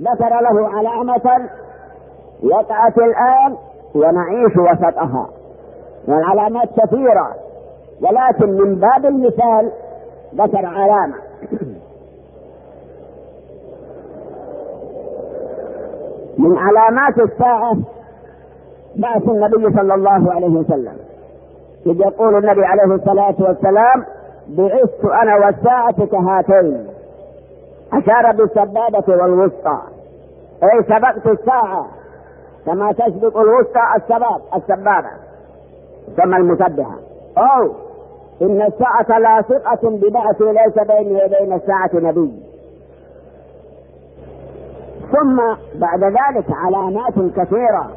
ذكر له علامة وقعت الآن ونعيش وسطها والعلامات كثيرة ولكن من باب المثال ذكر علامة من علامات الساعة بعث النبي صلى الله عليه وسلم إذ يقول النبي عليه الصلاة والسلام بعثت أنا والساعة كهاتين أشار بالسبابة والوسطى أي سبقت الساعة كما تسبق الوسطى السباب السبابة ثم المسبحة أو إن الساعة لاصقة ببعث ليس بيني وبين الساعة نبي ثم بعد ذلك علامات كثيرة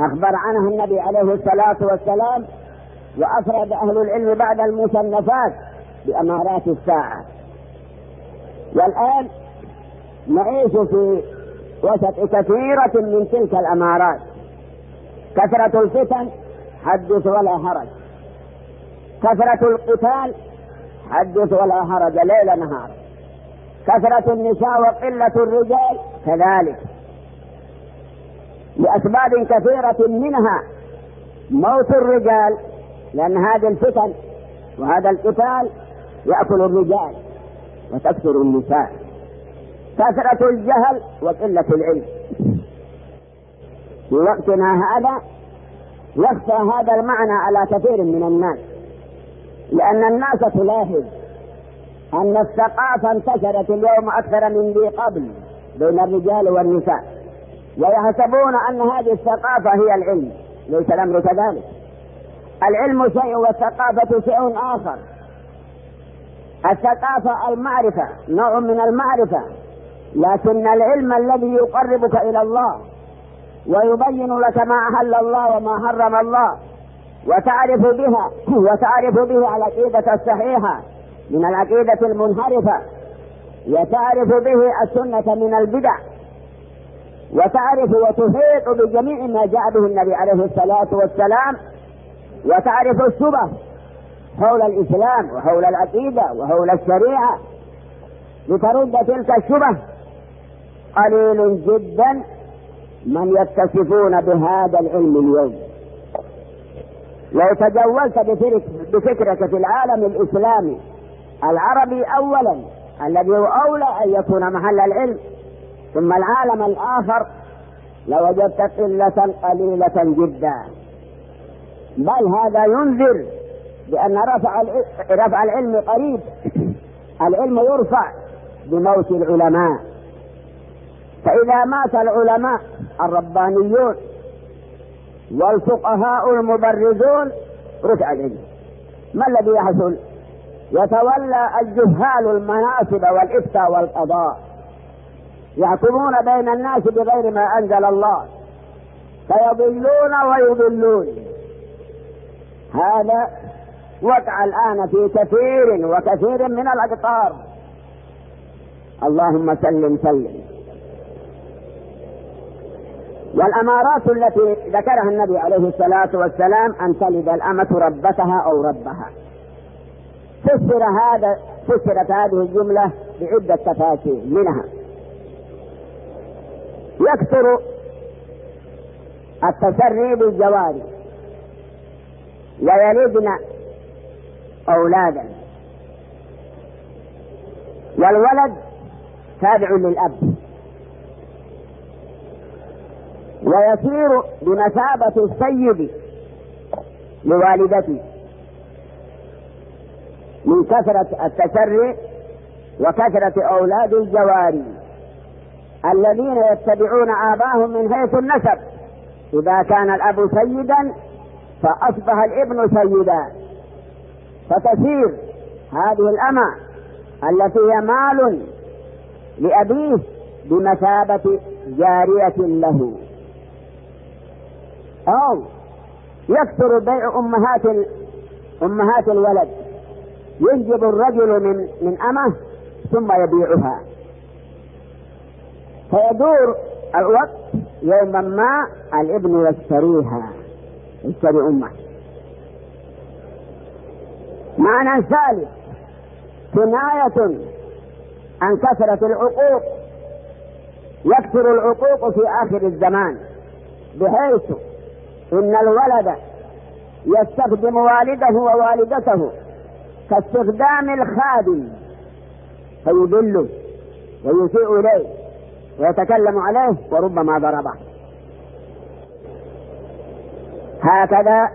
أخبر عنها النبي عليه الصلاة والسلام وأفرد أهل العلم بعد المصنفات بأمارات الساعة والآن نعيش في وسط كثيرة من تلك الأمارات كثرة الفتن حدث ولا هرج كثرة القتال حدث ولا هرج ليل نهار كثرة النساء وقلة الرجال كذلك لأسباب كثيرة منها موت الرجال لأن هذه الفتن وهذا القتال يأكل الرجال وتكثر النساء كثرة الجهل وقلة العلم في وقتنا هذا يخفى هذا المعنى على كثير من الناس لأن الناس تلاحظ أن الثقافة انتشرت اليوم أكثر من ذي قبل بين الرجال والنساء ويحسبون أن هذه الثقافة هي العلم ليس الأمر كذلك العلم شيء والثقافة شيء آخر الثقافة المعرفة نوع من المعرفة لكن العلم الذي يقربك إلى الله ويبين لك ما أهل الله وما حرم الله وتعرف بها وتعرف به العقيدة الصحيحة من العقيدة المنحرفة وتعرف به السنة من البدع وتعرف وتحيط بجميع ما جاء به النبي عليه الصلاة والسلام وتعرف الشبه حول الإسلام وحول العقيدة وحول الشريعة لترد تلك الشبه قليل جدا من يتصفون بهذا العلم اليوم لو تجولت بفكرك في العالم الإسلامي العربي أولا الذي هو أولى أن يكون محل العلم ثم العالم الآخر لوجدت قلة قليلة جدا بل هذا ينذر لأن رفع رفع العلم قريب العلم يرفع بموت العلماء فإذا مات العلماء الربانيون والفقهاء المبرزون رفع العلم ما الذي يحصل؟ يتولى الجهال المناصب والإفتاء والقضاء يحكمون بين الناس بغير ما أنزل الله فيضلون ويضلون هذا وقع الآن في كثير وكثير من الأقطار اللهم سلم سلم والأمارات التي ذكرها النبي عليه الصلاة والسلام أن تلد الأمة ربتها أو ربها فسر هذا فسرت هذه الجملة بعدة تفاسير منها يكثر التسري بالجواري ويلدن أولادا والولد تابع للأب ويصير بمثابة السيد لوالدته من كثرة التسرع وكثرة أولاد الجواري الذين يتبعون آباهم من حيث النسب إذا كان الأب سيدا فأصبح الابن سيدا فتسير هذه الأمة التي هي مال لأبيه بمثابة جارية له أو يكثر بيع أمهات أمهات الولد ينجب الرجل من من أمه ثم يبيعها فيدور الوقت يوما ما الابن يشتريها يشتري أمه معنى ثالث كناية عن كثرة العقوق يكثر العقوق في آخر الزمان بحيث إن الولد يستخدم والده ووالدته كاستخدام الخادم فيضله ويسيء إليه ويتكلم عليه وربما ضربه هكذا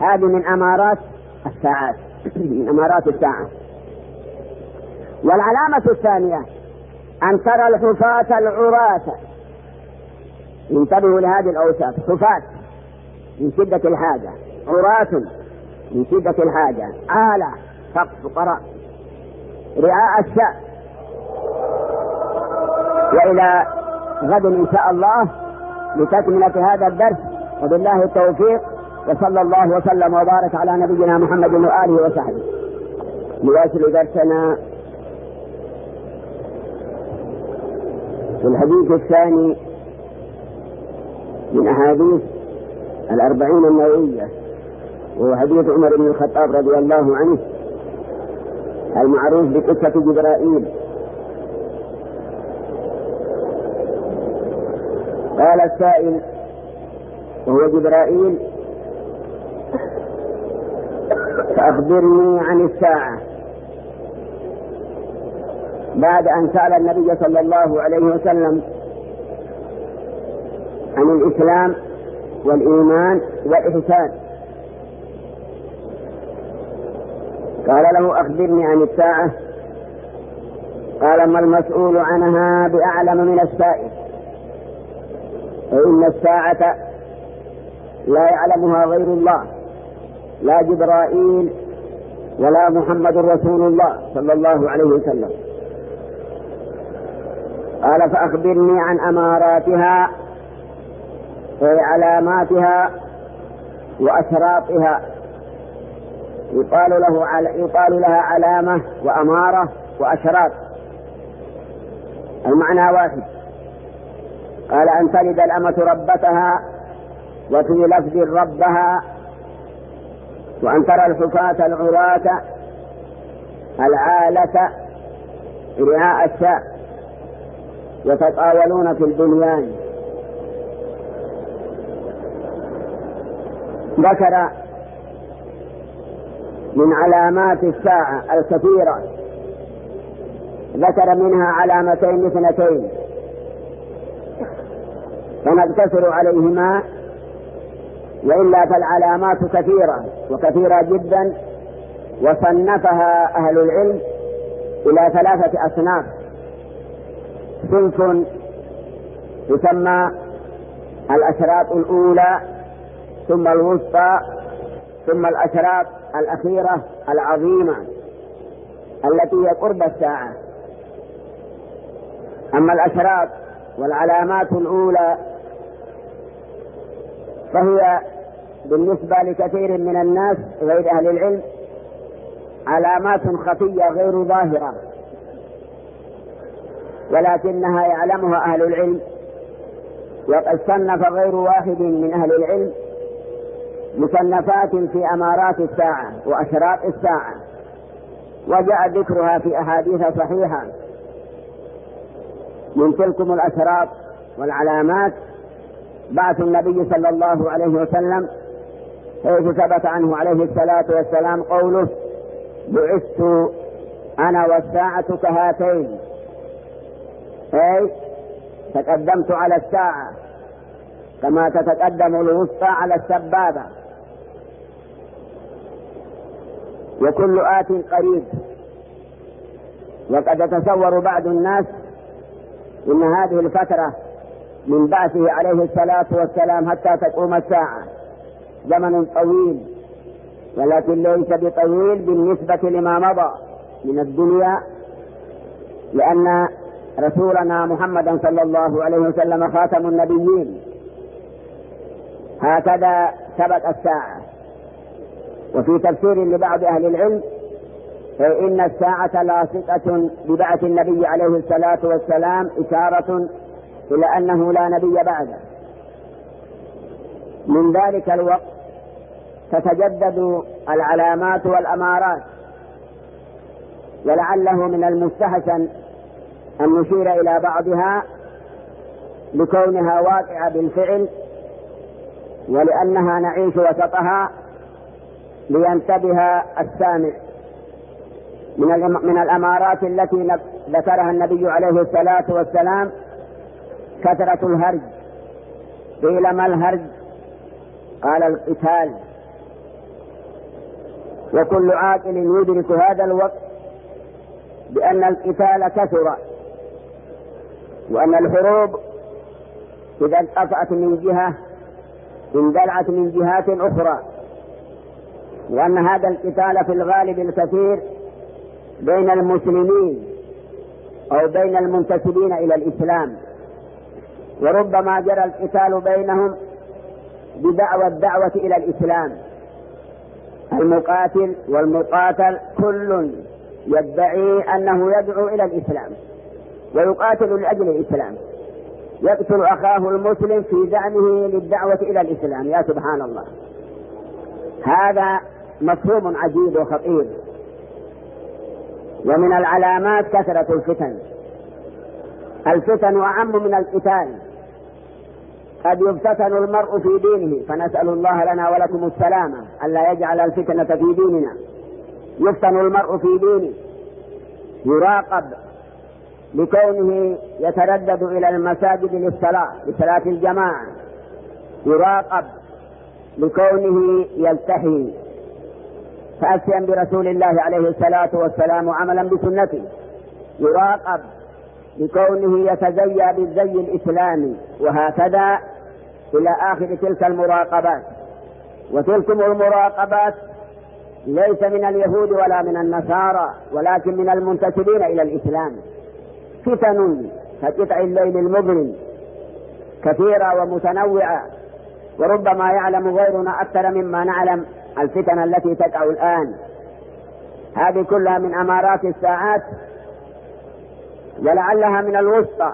هذه من أمارات الساعات من أمارات الساعة والعلامة الثانية أن ترى الحفاة العراة انتبهوا لهذه الأوصاف حفاة من شدة الحاجة عراة من شدة الحاجة آلة فقر فقراء رعاء الشاء وإلى غد إن شاء الله لتكملة هذا الدرس وبالله التوفيق وصلى الله وسلم وبارك على نبينا محمد وآله وصحبه نواصل درسنا في الحديث الثاني من أحاديث الأربعين النووية وهو حديث عمر بن الخطاب رضي الله عنه المعروف بقصة جبرائيل قال السائل وهو جبرائيل فأخبرني عن الساعة بعد أن سأل النبي صلى الله عليه وسلم عن الإسلام والإيمان والإحسان قال له أخبرني عن الساعة قال ما المسؤول عنها بأعلم من السائل فإن الساعة لا يعلمها غير الله لا جبرائيل ولا محمد رسول الله صلى الله عليه وسلم قال فأخبرني عن أماراتها وعلاماتها وأشراطها يقال له يقال لها علامة وأمارة وأشراط المعنى واحد قال أن تلد الأمة ربتها وفي لفظ ربها وأن ترى الحفاة العراة العالة رعاء الشاء يتطاولون في البنيان ذكر من علامات الساعة الكثيرة ذكر منها علامتين اثنتين فنقتصر عليهما وإلا فالعلامات كثيرة وكثيرة جدا وصنفها أهل العلم إلى ثلاثة أصناف صنف يسمى الأشراط الأولى ثم الوسطى ثم الأشراط الأخيرة العظيمة التي هي قرب الساعة أما الأشراط والعلامات الأولى فهي بالنسبة لكثير من الناس غير أهل العلم علامات خفية غير ظاهرة ولكنها يعلمها أهل العلم وقد صنف غير واحد من أهل العلم مصنفات في أمارات الساعة وأشراط الساعة وجاء ذكرها في أحاديث صحيحة من تلكم الأشراط والعلامات بعث النبي صلى الله عليه وسلم حيث ثبت عنه عليه الصلاة والسلام قوله بعثت أنا والساعة كهاتين أي تقدمت على الساعة كما تتقدم الوسطى على السبابة وكل آت قريب وقد يتصور بعض الناس إن هذه الفترة من بعثه عليه الصلاة والسلام حتى تقوم الساعة زمن طويل ولكن ليس بطويل بالنسبة لما مضى من الدنيا لأن رسولنا محمدا صلى الله عليه وسلم خاتم النبيين هكذا ثبت الساعة وفي تفسير لبعض أهل العلم إن الساعة لاصقة ببعث النبي عليه الصلاة والسلام إشارة إلى أنه لا نبي بعده من ذلك الوقت تتجدد العلامات والأمارات ولعله من المستحسن أن نشير إلى بعضها لكونها واقعة بالفعل ولأنها نعيش وسطها لينتبه السامع من من الأمارات التي ذكرها النبي عليه الصلاة والسلام كثرة الهرج قيل ما الهرج قال القتال وكل عاقل يدرك هذا الوقت بأن القتال كثر وأن الحروب إذا انقطعت من جهة اندلعت من جهات أخرى وأن هذا القتال في الغالب الكثير بين المسلمين أو بين المنتسبين إلى الإسلام وربما جرى القتال بينهم بدعوى الدعوة إلى الإسلام المقاتل والمقاتل كل يدعي أنه يدعو إلى الإسلام ويقاتل لأجل الإسلام يقتل أخاه المسلم في دعمه للدعوة إلى الإسلام يا سبحان الله هذا مفهوم عجيب وخطير ومن العلامات كثرة الفتن الفتن أعم من القتال قد يفتتن المرء في دينه فنسأل الله لنا ولكم السلامة ألا يجعل الفتنة في ديننا يفتن المرء في دينه يراقب لكونه يتردد إلى المساجد للصلاة لصلاة الجماعة يراقب لكونه يلتحي فأسيا برسول الله عليه الصلاة والسلام عملا بسنته يراقب لكونه يتزيى بالزي الإسلامي وهكذا إلى آخر تلك المراقبات وتلك المراقبات ليس من اليهود ولا من النصارى ولكن من المنتسبين إلى الإسلام فتن كقطع الليل المظلم كثيرة ومتنوعة وربما يعلم غيرنا أكثر مما نعلم الفتن التي تقع الآن هذه كلها من أمارات الساعات ولعلها من الوسطى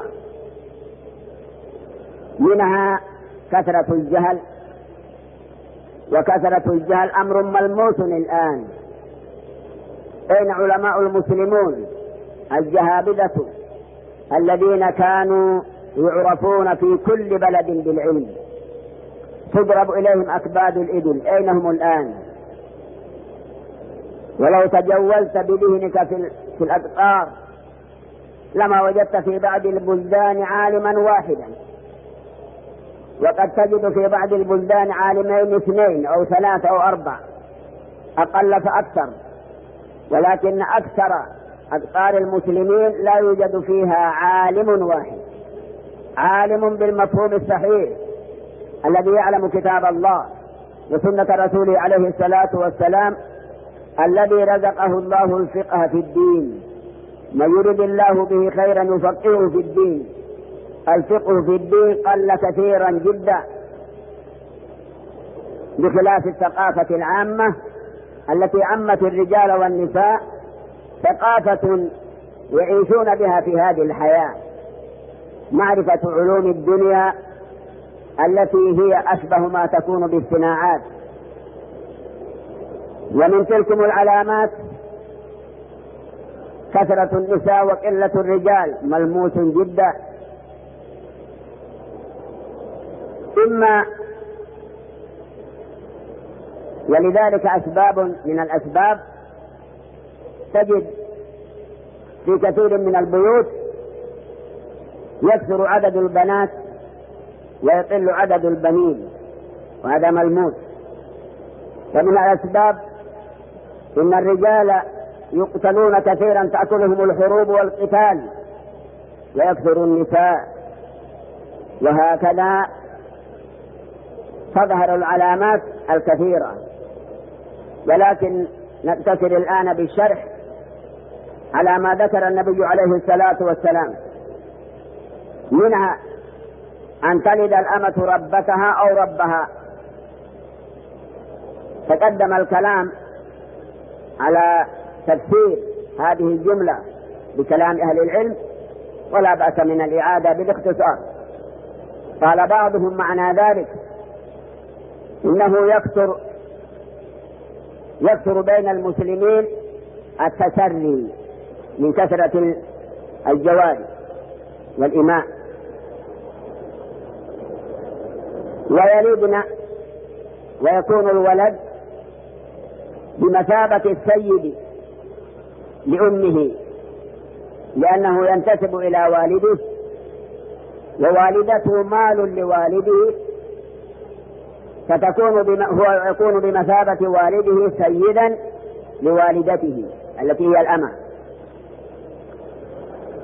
منها كثرة الجهل وكثرة الجهل أمر ملموس الآن أين علماء المسلمون الجهابذة الذين كانوا يعرفون في كل بلد بالعلم تضرب إليهم أكباد الإبل أين هم الآن ولو تجولت بذهنك في, في الأقطار لما وجدت في بعض البلدان عالما واحدا وقد تجد في بعض البلدان عالمين اثنين أو ثلاثة أو أربعة أقل فأكثر ولكن أكثر اذكار المسلمين لا يوجد فيها عالم واحد عالم بالمفهوم الصحيح الذي يعلم كتاب الله وسنة رسوله عليه الصلاة والسلام الذي رزقه الله الفقه في الدين من يرد الله به خيرا يفقهه في الدين الفقه في الدين قل كثيرا جدا بخلاف الثقافة العامة التي عمت الرجال والنساء ثقافة يعيشون بها في هذه الحياة معرفة علوم الدنيا التي هي أشبه ما تكون بالصناعات ومن تلكم العلامات كثرة النساء وقلة الرجال ملموس جدا ثم ولذلك أسباب من الأسباب تجد في كثير من البيوت يكثر عدد البنات ويقل عدد البنين وهذا ملموس ومن الأسباب إن الرجال يقتلون كثيرا تأكلهم الحروب والقتال ويكثر النساء وهكذا تظهر العلامات الكثيرة ولكن نقتصر الآن بالشرح على ما ذكر النبي عليه الصلاة والسلام منها أن تلد الأمة ربتها أو ربها تقدم الكلام على تفسير هذه الجملة بكلام أهل العلم ولا بأس من الإعادة بالاختصار قال بعضهم معنى ذلك انه يكثر يكثر بين المسلمين التسري من كثرة الجواري والإماء ويلدن ويكون الولد بمثابة السيد لأمه لأنه ينتسب إلى والده ووالدته مال لوالده فتكون بم... هو يكون بمثابة والده سيدا لوالدته التي هي الأمة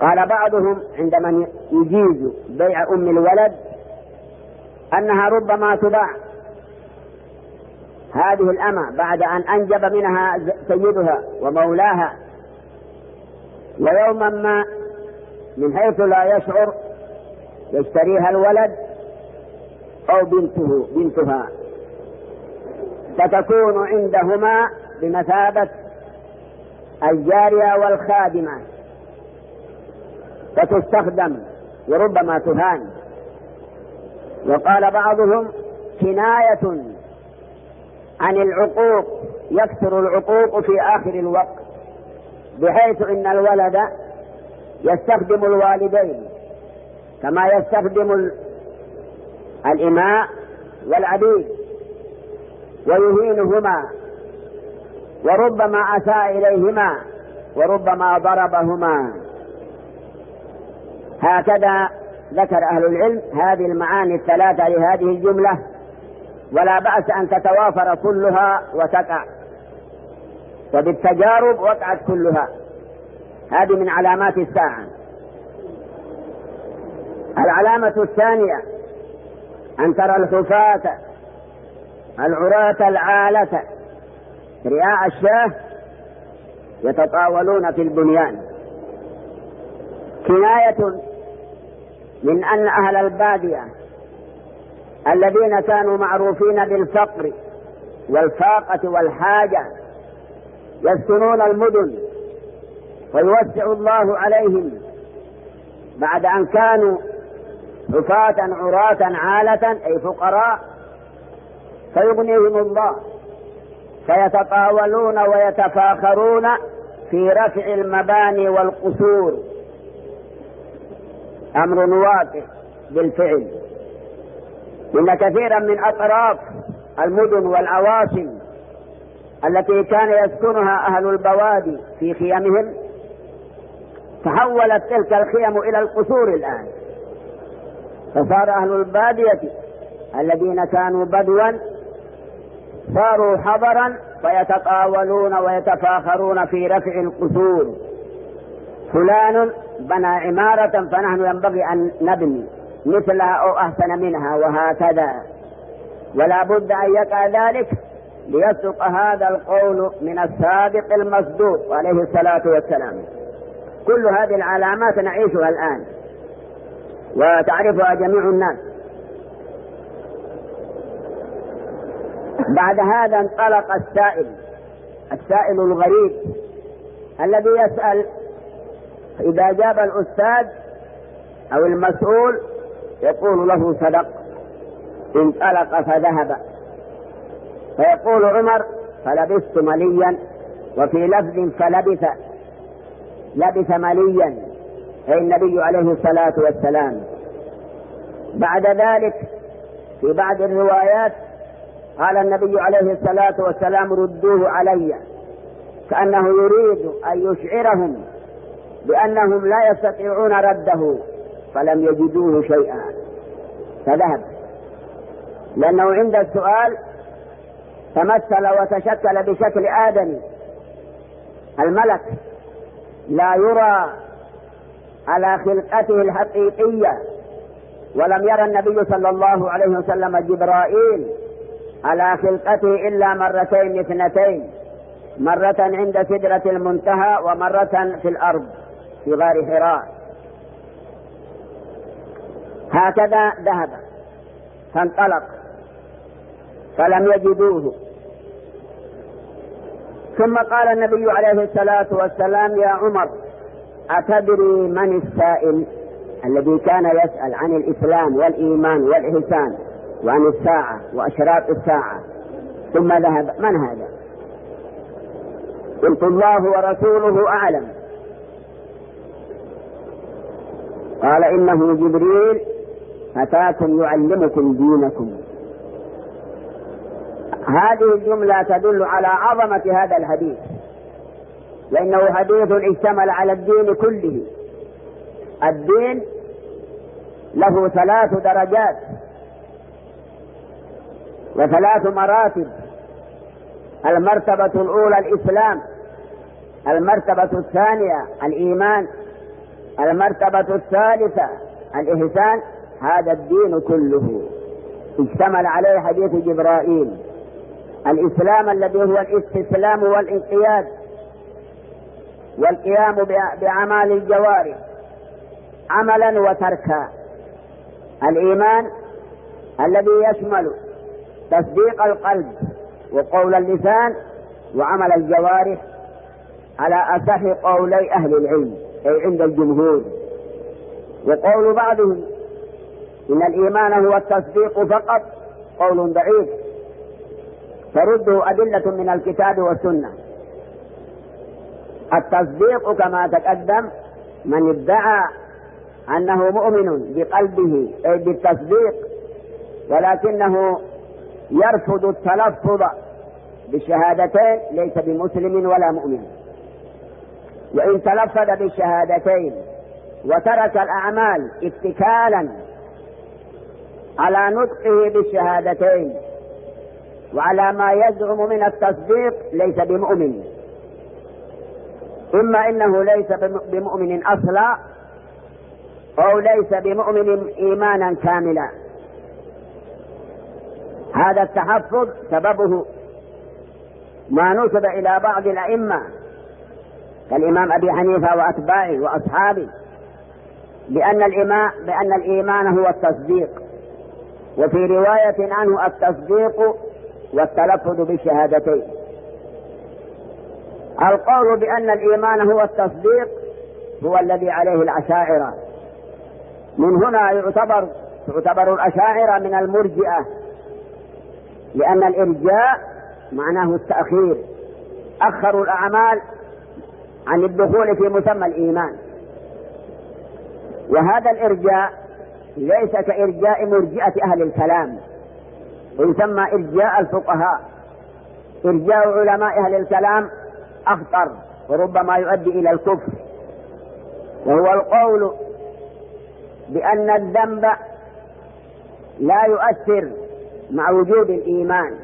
قال بعضهم عندما يجيز بيع أم الولد أنها ربما تباع هذه الأمة بعد أن أنجب منها سيدها ومولاها ويوما ما من حيث لا يشعر يشتريها الولد أو بنته بنتها فتكون عندهما بمثابة الجارية والخادمة فتستخدم وربما تهان وقال بعضهم كناية عن العقوق يكثر العقوق في آخر الوقت بحيث إن الولد يستخدم الوالدين كما يستخدم الإماء والعبيد ويهينهما وربما أساء إليهما وربما ضربهما هكذا ذكر أهل العلم هذه المعاني الثلاثة لهذه الجملة ولا بأس أن تتوافر كلها وتقع وبالتجارب وقعت كلها هذه من علامات الساعة العلامة الثانية أن ترى الحفاة العراة العالة رياء الشاه يتطاولون في البنيان كناية من أن أهل البادية الذين كانوا معروفين بالفقر والفاقة والحاجة يسكنون المدن ويوسع الله عليهم بعد أن كانوا عفاة عراة عالة أي فقراء فيغنيهم الله فيتطاولون ويتفاخرون في رفع المباني والقصور أمر واقع بالفعل إن كثيرا من أطراف المدن والعواصم التي كان يسكنها أهل البوادي في خيمهم تحولت تلك الخيم إلى القصور الآن فصار أهل البادية الذين كانوا بدوا صاروا حضرا ويتطاولون ويتفاخرون في رفع القصور فلان بنى عمارة فنحن ينبغي أن نبني مثلها أو أحسن منها وهكذا ولا بد أن يقع ذلك ليصدق هذا القول من الصادق المصدوق عليه الصلاة والسلام كل هذه العلامات نعيشها الآن وتعرفها جميع الناس بعد هذا انطلق السائل السائل الغريب الذي يسأل إذا جاب الأستاذ أو المسؤول يقول له صدق انطلق فذهب فيقول عمر فلبثت مليا وفي لفظ فلبث لبث مليا أي النبي عليه الصلاة والسلام بعد ذلك في بعض الروايات قال النبي عليه الصلاة والسلام ردوه علي كأنه يريد أن يشعرهم بأنهم لا يستطيعون رده فلم يجدوه شيئا فذهب لأنه عند السؤال تمثل وتشكل بشكل آدمي الملك لا يرى على خلقته الحقيقية ولم يرى النبي صلى الله عليه وسلم جبرائيل على خلقته إلا مرتين اثنتين مرة عند سدرة المنتهى ومرة في الأرض في غار حراء هكذا ذهب فانطلق فلم يجدوه ثم قال النبي عليه الصلاة والسلام يا عمر أتدري من السائل الذي كان يسأل عن الإسلام والإيمان والإحسان وعن الساعة وأشراط الساعة ثم ذهب من هذا؟ قلت الله ورسوله أعلم قال إنه جبريل أتاكم يعلمكم دينكم هذه الجملة تدل على عظمة هذا الحديث لأنه حديث اشتمل على الدين كله الدين له ثلاث درجات وثلاث مراتب المرتبة الأولى الإسلام المرتبة الثانية الإيمان المرتبة الثالثة الإحسان هذا الدين كله اشتمل عليه حديث جبرائيل الإسلام الذي هو الاستسلام والانقياد والقيام بأعمال الجوارح عملا وتركا الإيمان الذي يشمل تصديق القلب وقول اللسان وعمل الجوارح على أصح قولي أهل العلم أي عند الجمهور وقول بعضهم إن الإيمان هو التصديق فقط قول ضعيف ترده أدلة من الكتاب والسنة التصديق كما تقدم من ادعى أنه مؤمن بقلبه أي بالتصديق ولكنه يرفض التلفظ بالشهادتين ليس بمسلم ولا مؤمن وإن تلفظ بالشهادتين وترك الأعمال اتكالا على نطقه بالشهادتين وعلى ما يزعم من التصديق ليس بمؤمن إما إنه ليس بمؤمن أصلا أو ليس بمؤمن إيمانا كاملا هذا التحفظ سببه ما نسب إلى بعض الأئمة كالإمام أبي حنيفة وأتباعه وأصحابه بأن الإيمان بأن الإيمان هو التصديق وفي رواية عنه التصديق والتلفظ بالشهادتين القول بأن الإيمان هو التصديق هو الذي عليه الأشاعرة من هنا يعتبر تعتبر الأشاعرة من المرجئة لأن الإرجاء معناه التأخير أخروا الأعمال عن الدخول في مسمى الإيمان وهذا الإرجاء ليس كإرجاء مرجئة أهل الكلام ويسمى إرجاء الفقهاء إرجاء علماء أهل الكلام أخطر وربما يؤدي إلى الكفر وهو القول بأن الذنب لا يؤثر مع وجود الإيمان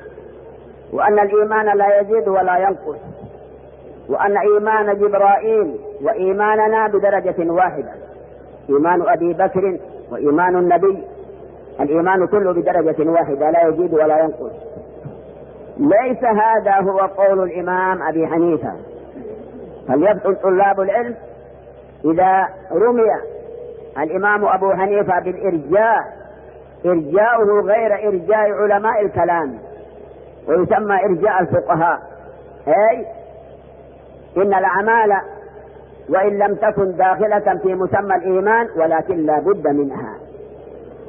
وأن الإيمان لا يزيد ولا ينقص وأن إيمان جبرائيل وإيماننا بدرجة واحدة إيمان أبي بكر وإيمان النبي الإيمان كله بدرجة واحدة لا يزيد ولا ينقص ليس هذا هو قول الإمام أبي حنيفة فليبحث طلاب العلم إذا رمي الإمام أبو حنيفة بالإرجاء إرجاؤه غير إرجاء علماء الكلام ويسمى إرجاء الفقهاء أي إن الأعمال وإن لم تكن داخلة في مسمى الإيمان ولكن لا بد منها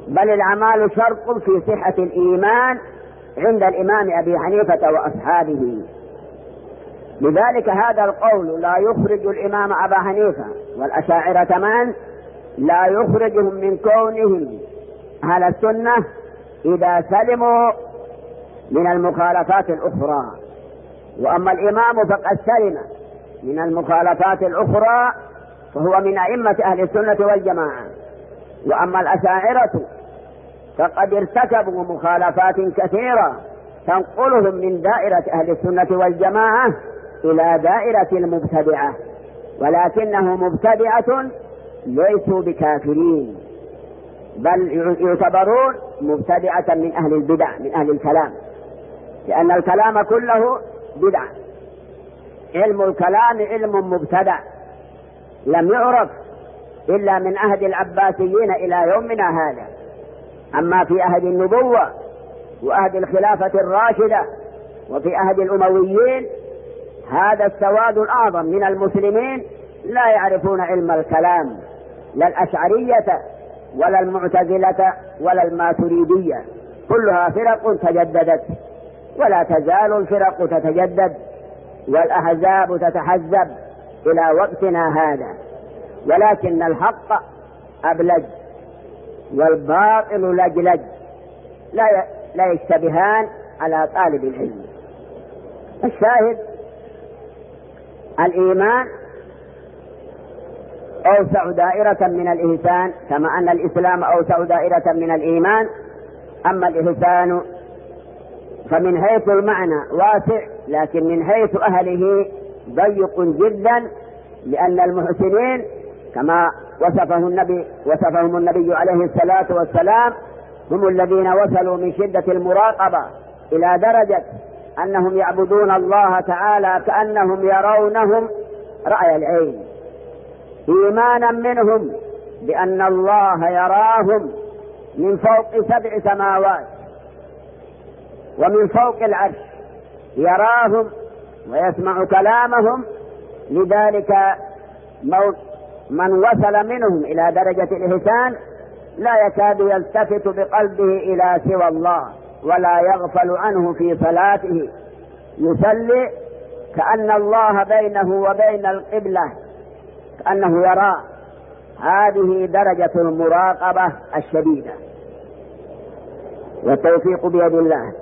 بل الأعمال شرط في صحة الإيمان عند الإمام أبي حنيفة وأصحابه لذلك هذا القول لا يخرج الإمام أبا حنيفة والأشاعرة من لا يخرجهم من كونهم أهل السنة إذا سلموا من المخالفات الأخرى وأما الإمام فقد سلم من المخالفات الأخرى فهو من أئمة أهل السنة والجماعة وأما الأشاعرة فقد ارتكبوا مخالفات كثيرة تنقلهم من دائرة أهل السنة والجماعة إلى دائرة المبتدعة ولكنه مبتدعة ليسوا بكافرين بل يعتبرون مبتدعة من أهل البدع من أهل الكلام لأن الكلام كله بدعة علم الكلام علم مبتدع لم يعرف إلا من عهد العباسيين إلى يومنا هذا أما في عهد النبوة وعهد الخلافة الراشدة وفي عهد الأمويين هذا السواد الأعظم من المسلمين لا يعرفون علم الكلام لا الأشعرية ولا المعتزلة ولا الماتريدية كلها فرق تجددت ولا تزال الفرق تتجدد والأحزاب تتحزب إلى وقتنا هذا ولكن الحق أبلج والباطل لجلج لا لا يشتبهان على طالب العلم الشاهد الإيمان أوسع دائرة من الإحسان كما أن الإسلام أوسع دائرة من الإيمان أما الإحسان فمن حيث المعنى واسع لكن من حيث أهله ضيق جدا لأن المحسنين كما وصفه النبي وصفهم النبي عليه الصلاة والسلام هم الذين وصلوا من شدة المراقبة إلى درجة أنهم يعبدون الله تعالى كأنهم يرونهم رأي العين إيمانا منهم بأن الله يراهم من فوق سبع سماوات ومن فوق العرش يراهم ويسمع كلامهم لذلك من وصل منهم إلى درجة الإحسان لا يكاد يلتفت بقلبه إلى سوى الله ولا يغفل عنه في صلاته يصلي كأن الله بينه وبين القبلة كأنه يرى هذه درجة المراقبة الشديدة والتوفيق بيد الله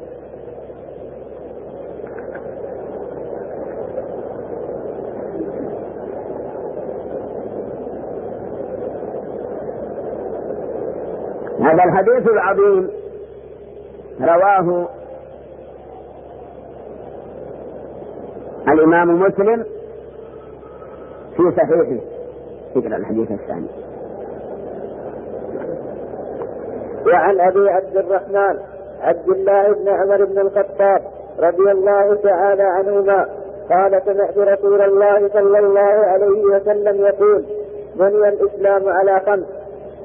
هذا الحديث العظيم رواه الإمام مسلم في صحيحه اقرأ الحديث الثاني وعن أبي عبد الرحمن عبد الله بن عمر بن الخطاب رضي الله تعالى عنهما قال سمعت رسول الله صلى الله عليه وسلم يقول بني الإسلام على خمس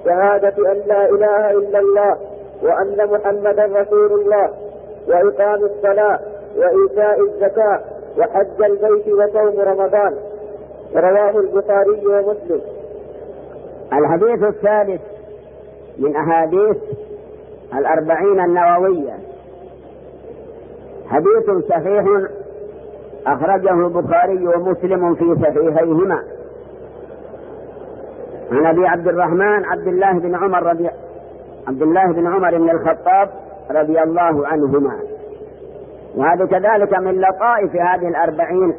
شهادة أن لا إله إلا الله وأن محمدا رسول الله وإقام الصلاة وإيتاء الزكاة وحج البيت وصوم رمضان رواه البخاري ومسلم الحديث الثالث من أحاديث الأربعين النووية حديث صحيح أخرجه البخاري ومسلم في صحيحيهما عن ابي عبد الرحمن عبد الله بن عمر رضي عبد الله بن عمر بن الخطاب رضي الله عنهما وهذا كذلك من لطائف هذه الأربعين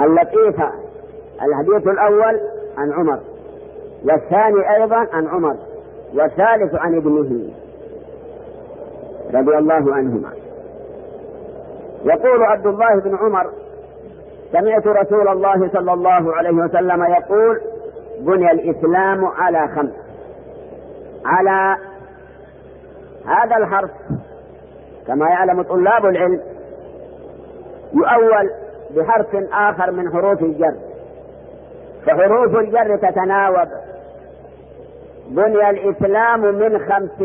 اللطيفة الحديث الأول عن عمر والثاني أيضا عن عمر والثالث عن ابنه رضي الله عنهما يقول عبد الله بن عمر سمعت رسول الله صلى الله عليه وسلم يقول بني الإسلام على خمس على هذا الحرف كما يعلم طلاب العلم يؤول بحرف آخر من حروف الجر فحروف الجر تتناوب بني الإسلام من خمس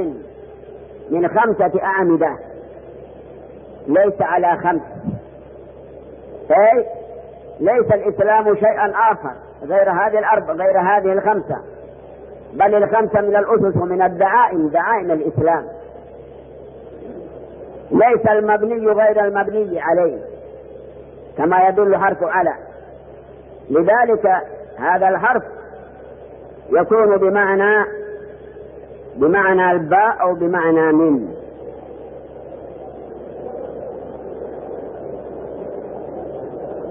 من خمسة أعمدة ليس على خمس أي ليس الإسلام شيئا آخر غير هذه الأربع غير هذه الخمسة بل الخمسة من الأسس ومن الدعائم دعائم الإسلام ليس المبني غير المبني عليه كما يدل حرف على لذلك هذا الحرف يكون بمعنى بمعنى الباء أو بمعنى من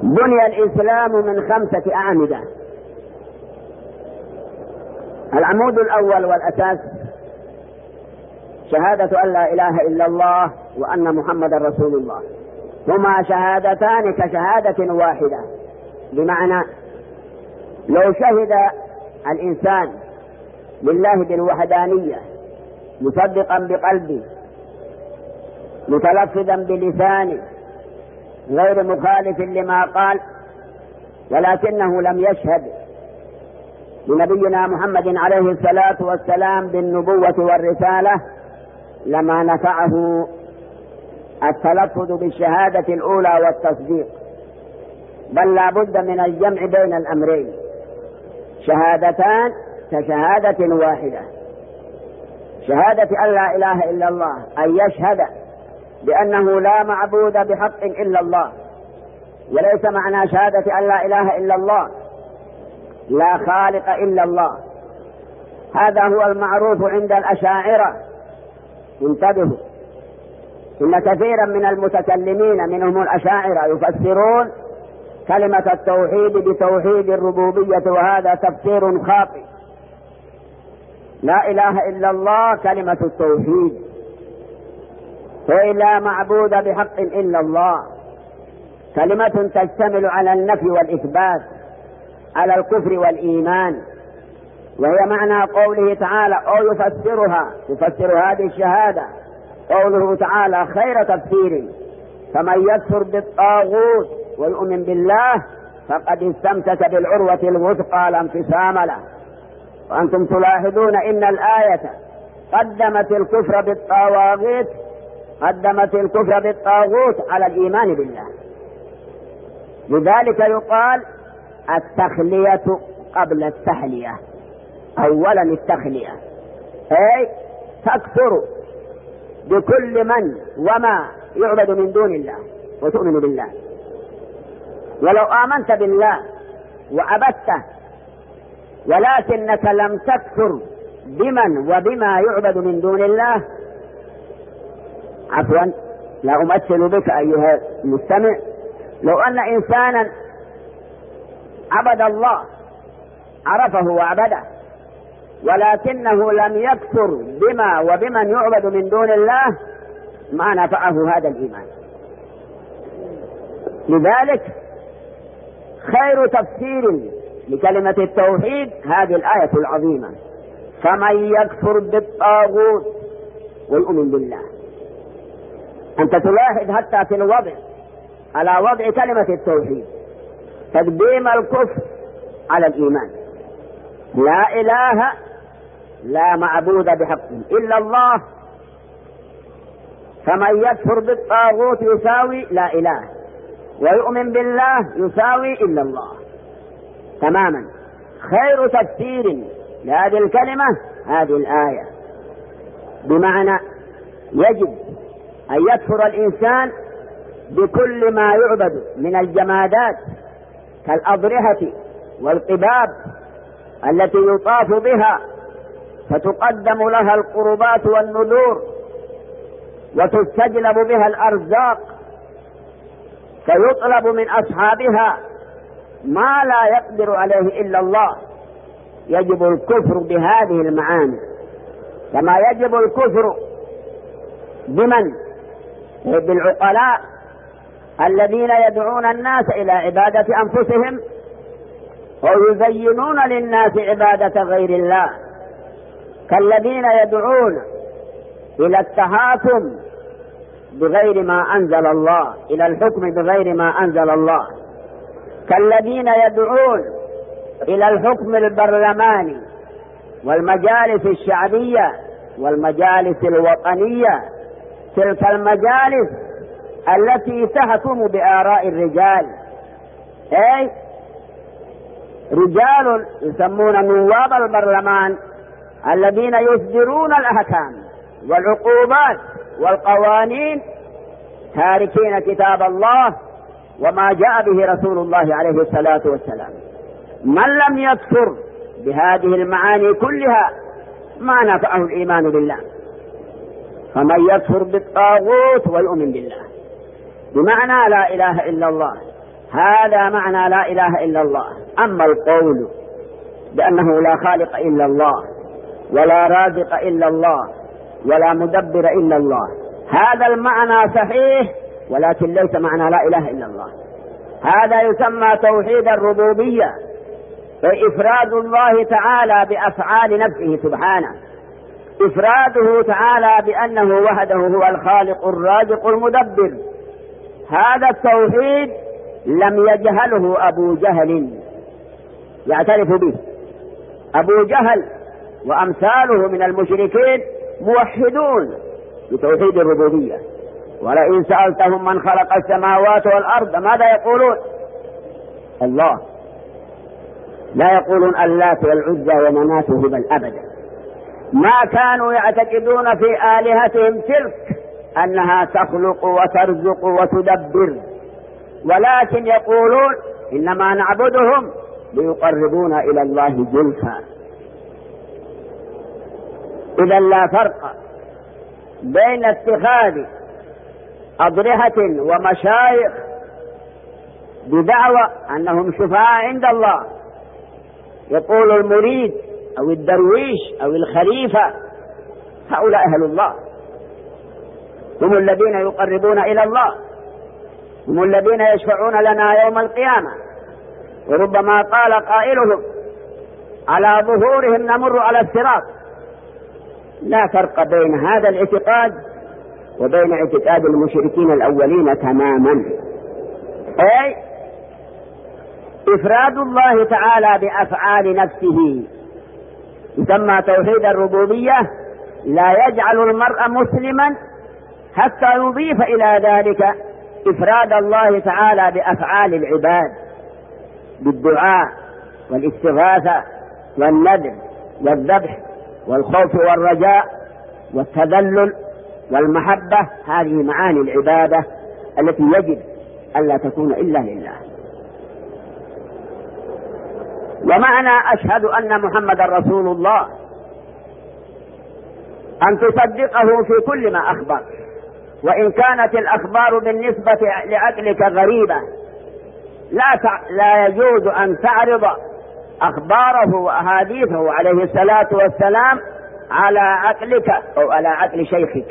بني الإسلام من خمسة أعمدة العمود الأول والأساس شهادة أن لا إله إلا الله وأن محمد رسول الله هما شهادتان كشهادة واحدة بمعنى لو شهد الإنسان لله بالوحدانية مصدقا بقلبه متلفظا بلسانه غير مخالف لما قال ولكنه لم يشهد لنبينا محمد عليه الصلاة والسلام بالنبوة والرسالة لما نفعه التلفظ بالشهادة الأولى والتصديق بل لا بد من الجمع بين الأمرين شهادتان كشهادة واحدة شهادة أن لا إله إلا الله أن يشهد بأنه لا معبود بحق إلا الله وليس معنى شهادة أن لا إله إلا الله لا خالق إلا الله هذا هو المعروف عند الأشاعرة انتبهوا إن كثيرا من المتكلمين منهم الأشاعرة يفسرون كلمة التوحيد بتوحيد الربوبية وهذا تفسير خاطئ لا إله إلا الله كلمة التوحيد وإلا معبود بحق إلا الله كلمة تشتمل على النفي والإثبات على الكفر والإيمان وهي معنى قوله تعالى أو يفسرها يفسر هذه الشهادة قوله تعالى خير تفسير فمن يكفر بالطاغوت ويؤمن بالله فقد استمسك بالعروة الوثقى لا انفصام له وأنتم تلاحظون إن الآية قدمت الكفر بالطواغيت قدمت الكفر بالطاغوت على الإيمان بالله لذلك يقال التخلية قبل التحلية أولا التخلية أي تكفر بكل من وما يعبد من دون الله وتؤمن بالله ولو آمنت بالله وأبدته ولكنك لم تكفر بمن وبما يعبد من دون الله عفوا لا أمثل بك أيها المستمع لو أن إنسانا عبد الله عرفه وعبده ولكنه لم يكفر بما وبمن يعبد من دون الله ما نفعه هذا الايمان لذلك خير تفسير لكلمه التوحيد هذه الايه العظيمه فمن يكفر بالطاغوت ويؤمن بالله انت تلاحظ حتى في الوضع على وضع كلمه التوحيد تقديم الكفر على الإيمان لا إله لا معبود بحق إلا الله فمن يكفر بالطاغوت يساوي لا إله ويؤمن بالله يساوي إلا الله تماما خير تفسير لهذه الكلمة هذه الآية بمعنى يجب أن يكفر الإنسان بكل ما يعبد من الجمادات كالأضرحة والقباب التي يطاف بها فتقدم لها القربات والنذور وتستجلب بها الأرزاق فيطلب من أصحابها ما لا يقدر عليه إلا الله يجب الكفر بهذه المعاني كما يجب الكفر بمن بالعقلاء الذين يدعون الناس إلى عبادة أنفسهم ويزينون للناس عبادة غير الله كالذين يدعون إلى التهاكم بغير ما أنزل الله إلى الحكم بغير ما أنزل الله كالذين يدعون إلى الحكم البرلماني والمجالس الشعبية والمجالس الوطنية تلك المجالس التي تهتم بآراء الرجال أي رجال يسمون نواب البرلمان الذين يصدرون الأحكام والعقوبات والقوانين تاركين كتاب الله وما جاء به رسول الله عليه الصلاة والسلام من لم يذكر بهذه المعاني كلها ما نفعه الإيمان بالله فمن يكفر بالطاغوت ويؤمن بالله بمعنى لا إله إلا الله هذا معنى لا إله إلا الله أما القول بأنه لا خالق إلا الله ولا رازق إلا الله ولا مدبر إلا الله هذا المعنى صحيح ولكن ليس معنى لا إله إلا الله هذا يسمى توحيد الربوبية وإفراد الله تعالى بأفعال نفسه سبحانه إفراده تعالى بأنه وحده هو الخالق الرازق المدبر هذا التوحيد لم يجهله أبو جهل يعترف به أبو جهل وأمثاله من المشركين موحدون بتوحيد الربوبية ولئن سألتهم من خلق السماوات والأرض ماذا يقولون الله لا يقولون اللات والعزى ومناته بل أبدا ما كانوا يعتقدون في آلهتهم تلك أنها تخلق وترزق وتدبر ولكن يقولون إنما نعبدهم ليقربونا إلى الله زلفى إذا لا فرق بين اتخاذ أضرحة ومشايخ بدعوى أنهم شفعاء عند الله يقول المريد أو الدرويش أو الخليفة هؤلاء أهل الله هم الذين يقربون إلى الله هم الذين يشفعون لنا يوم القيامة وربما قال قائلهم على ظهورهم نمر على الصراط لا فرق بين هذا الاعتقاد وبين اعتقاد المشركين الأولين تماما أي إفراد الله تعالى بأفعال نفسه يسمى توحيد الربوبية لا يجعل المرء مسلما حتى يضيف إلى ذلك إفراد الله تعالى بأفعال العباد بالدعاء والاستغاثة والندم والذبح والخوف والرجاء والتذلل والمحبة هذه معاني العبادة التي يجب ألا تكون إلا لله ومعنى أشهد أن محمد رسول الله أن تصدقه في كل ما أخبر وإن كانت الأخبار بالنسبة لعقلك غريبة لا تع... لا يجوز أن تعرض أخباره وأحاديثه عليه الصلاة والسلام على عقلك أو على عقل شيخك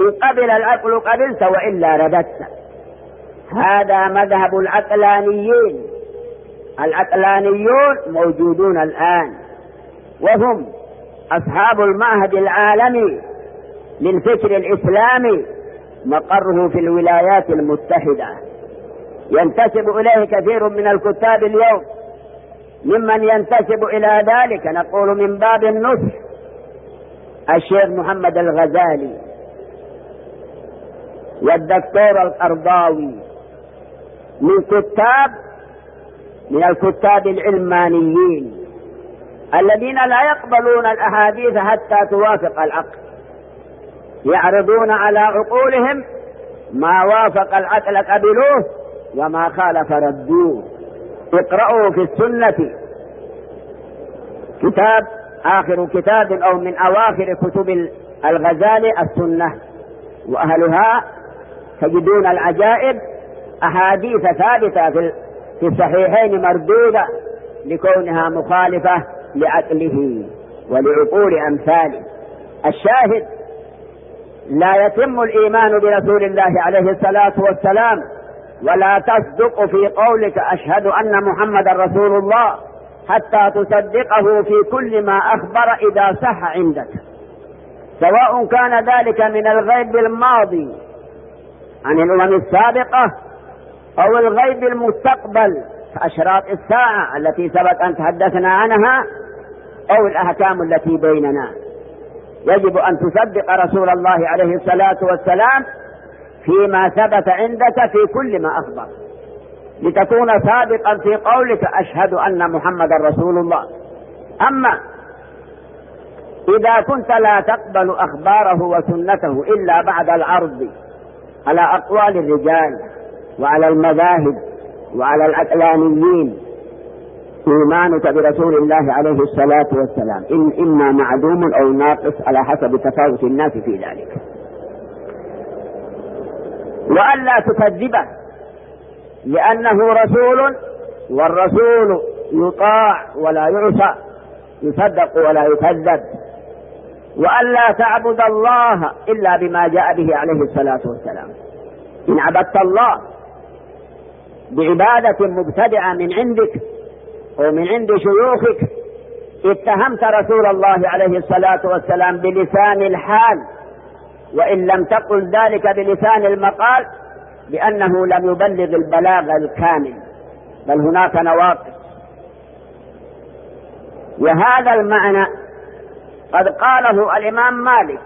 إن قبل العقل قبلت وإلا رددت هذا مذهب العقلانيين العقلانيون موجودون الآن وهم أصحاب المعهد العالمي للفكر الإسلامي مقره في الولايات المتحدة ينتسب إليه كثير من الكتاب اليوم ممن ينتسب إلى ذلك نقول من باب النصح الشيخ محمد الغزالي والدكتور القرضاوي من كتاب من الكتاب العلمانيين الذين لا يقبلون الأحاديث حتى توافق العقل يعرضون على عقولهم ما وافق العقل قبلوه وما خالف ردوه اقرأوا في السنة كتاب آخر كتاب أو من أواخر كتب الغزالي السنة وأهلها تجدون العجائب أحاديث ثابتة في في الصحيحين مردودة لكونها مخالفة لعقله ولعقول أمثاله الشاهد لا يتم الايمان برسول الله عليه الصلاه والسلام ولا تصدق في قولك اشهد ان محمد رسول الله حتى تصدقه في كل ما اخبر اذا صح عندك سواء كان ذلك من الغيب الماضي عن الامم السابقه او الغيب المستقبل كاشراط الساعه التي سبق ان تحدثنا عنها او الاحكام التي بيننا يجب أن تصدق رسول الله عليه الصلاة والسلام فيما ثبت عندك في كل ما أخبر لتكون صادقا في قولك أشهد أن محمدا رسول الله أما إذا كنت لا تقبل أخباره وسنته إلا بعد العرض على أقوال الرجال وعلى المذاهب وعلى العقلانيين إيمانك برسول الله عليه الصلاة والسلام إن إما معدوم أو ناقص على حسب تفاوت الناس في ذلك وألا تكذبه لأنه رسول والرسول يطاع ولا يعصى يصدق ولا يكذب وألا تعبد الله إلا بما جاء به عليه الصلاة والسلام إن عبدت الله بعبادة مبتدعة من عندك ومن عند شيوخك اتهمت رسول الله عليه الصلاة والسلام بلسان الحال وإن لم تقل ذلك بلسان المقال لأنه لم يبلغ البلاغ الكامل بل هناك نواقص وهذا المعنى قد قاله الإمام مالك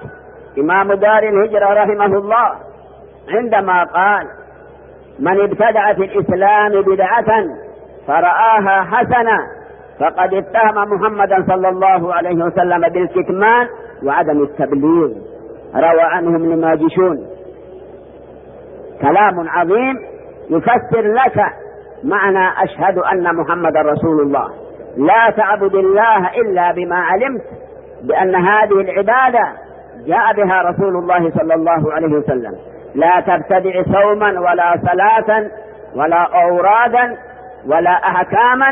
إمام دار الهجرة رحمه الله عندما قال من ابتدع في الإسلام بدعة فرآها حسنة فقد اتهم محمدا صلى الله عليه وسلم بالكتمان وعدم التبليغ روى عنه ابن ماجشون كلام عظيم يفسر لك معنى أشهد أن محمد رسول الله لا تعبد الله إلا بما علمت بأن هذه العبادة جاء بها رسول الله صلى الله عليه وسلم لا تبتدع صوما ولا صلاة ولا أورادا ولا أحكاما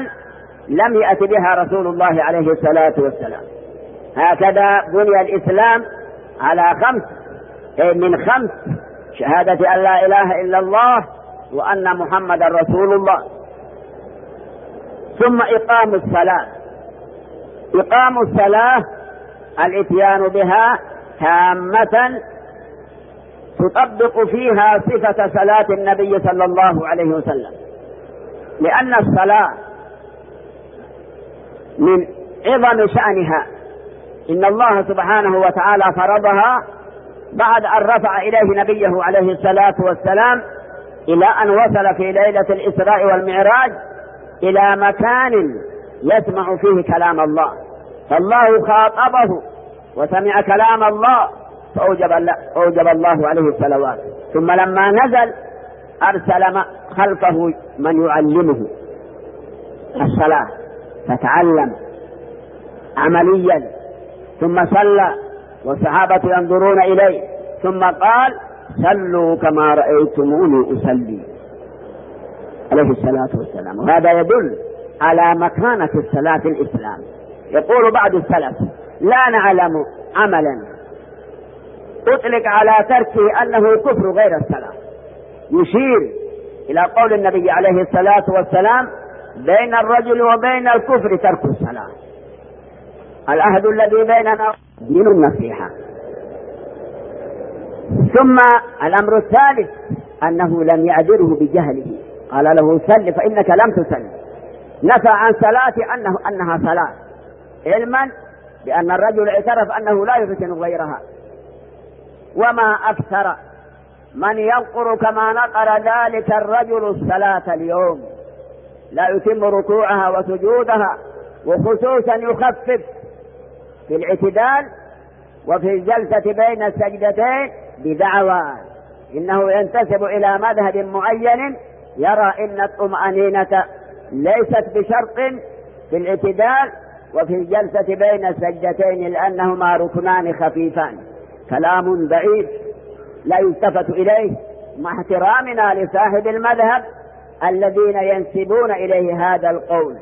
لم يأت بها رسول الله عليه الصلاة والسلام هكذا بني الإسلام على خمس من خمس شهادة أن لا إله إلا الله وأن محمد رسول الله ثم إقام الصلاة إقام الصلاة الإتيان بها تامة تطبق فيها صفة صلاة النبي صلى الله عليه وسلم لأن الصلاة من عظم شأنها إن الله سبحانه وتعالى فرضها بعد أن رفع إليه نبيه عليه الصلاة والسلام إلى أن وصل في ليلة الإسراء والمعراج إلى مكان يسمع فيه كلام الله فالله خاطبه وسمع كلام الله فأوجب, الله الله عليه الصلوات ثم لما نزل أرسل خلفه من يعلمه الصلاة فتعلم عمليا ثم صلى والصحابة ينظرون إليه ثم قال صلوا كما رأيتموني أصلي عليه الصلاة والسلام وهذا يدل على مكانة الصلاة في الإسلام يقول بعض السلف لا نعلم عملا أطلق على تركه أنه كفر غير الصلاة يشير إلى قول النبي عليه الصلاة والسلام بين الرجل وبين الكفر ترك الصلاة العهد الذي بيننا دين النصيحة ثم الأمر الثالث أنه لم يعذره بجهله قال له سل فإنك لم تسل نفى عن صلاة أنه أنها صلاة علما بأن الرجل اعترف أنه لا يفتن غيرها وما أكثر من ينقر كما نقر ذلك الرجل الصلاة اليوم لا يتم ركوعها وسجودها وخصوصا يخفف في الاعتدال وفي الجلسة بين السجدتين بدعوى إنه ينتسب إلى مذهب معين يرى إن الطمأنينة ليست بشرط في الاعتدال وفي الجلسة بين السجدتين لأنهما ركنان خفيفان كلام بعيد لا يلتفت إليه مع احترامنا لصاحب المذهب الذين ينسبون إليه هذا القول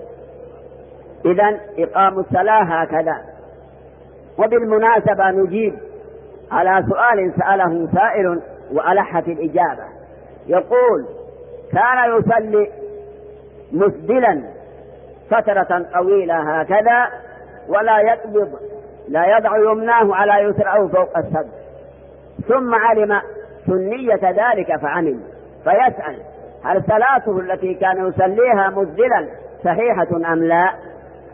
إذا إقام الصلاة هكذا وبالمناسبة نجيب على سؤال سأله سائل وألح في الإجابة يقول كان يصلي مسدلا فترة طويلة هكذا ولا يقبض لا يضع يمناه على يسره فوق السد ثم علم سنية ذلك فعمل فيسأل هل صلاته التي كان يصليها مزدلا صحيحة أم لا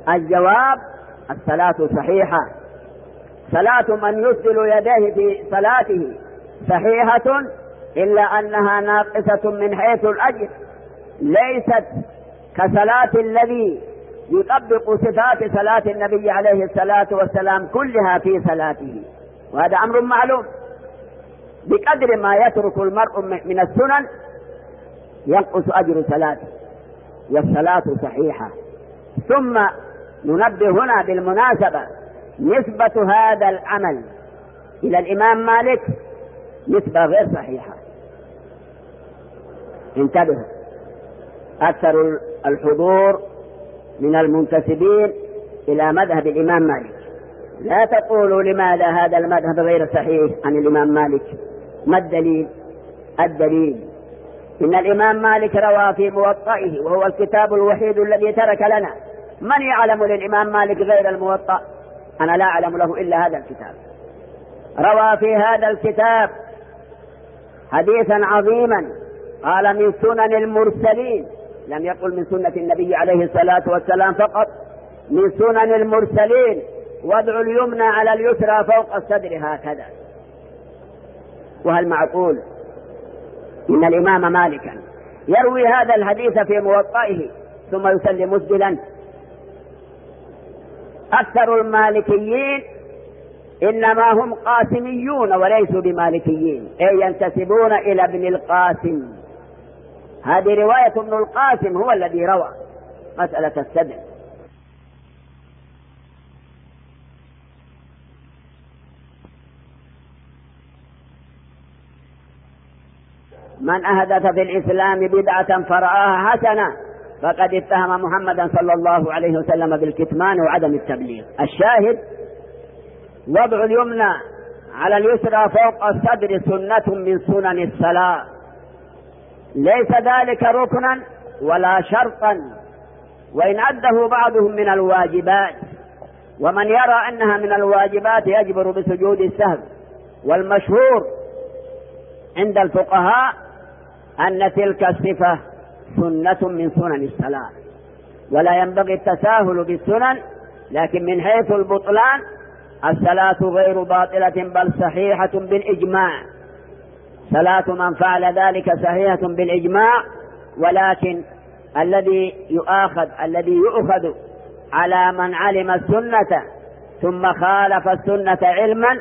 الجواب الصلاة صحيحة صلاة من يسدل يديه في صلاته صحيحة إلا أنها ناقصة من حيث الأجر ليست كصلاة الذي يطبق صفات صلاة النبي عليه الصلاة والسلام كلها في صلاته وهذا أمر معلوم بقدر ما يترك المرء من السنن ينقص أجر صلاته والصلاة صحيحة ثم ننبه هنا بالمناسبة نسبة هذا العمل إلى الإمام مالك نسبة غير صحيحة انتبهوا أكثر الحضور من المنتسبين إلى مذهب الإمام مالك لا تقولوا لماذا هذا المذهب غير صحيح عن الإمام مالك ما الدليل الدليل إن الإمام مالك روى في موطئه وهو الكتاب الوحيد الذي ترك لنا من يعلم للإمام مالك غير الموطأ أنا لا أعلم له إلا هذا الكتاب روى في هذا الكتاب حديثا عظيما قال من سنن المرسلين لم يقل من سنة النبي عليه الصلاة والسلام فقط من سنن المرسلين وادعوا اليمنى على اليسرى فوق الصدر هكذا وهل معقول إن الإمام مالكا يروي هذا الحديث في موطئه ثم يسلم مسجلا أكثر المالكيين إنما هم قاسميون وليسوا بمالكيين أي ينتسبون إلى ابن القاسم هذه رواية ابن القاسم هو الذي روى مسألة السبع من أحدث في الإسلام بدعة فرآها حسنة فقد اتهم محمدا صلى الله عليه وسلم بالكتمان وعدم التبليغ الشاهد وضع اليمنى على اليسرى فوق الصدر سنة من سنن الصلاة ليس ذلك ركنا ولا شرطا وإن أده بعضهم من الواجبات ومن يرى أنها من الواجبات يجبر بسجود السهو والمشهور عند الفقهاء أن تلك الصفة سنة من سنن الصلاة ولا ينبغي التساهل بالسنن لكن من حيث البطلان الصلاة غير باطلة بل صحيحة بالإجماع صلاة من فعل ذلك صحيحة بالإجماع ولكن الذي يؤاخذ الذي يؤخذ على من علم السنة ثم خالف السنة علما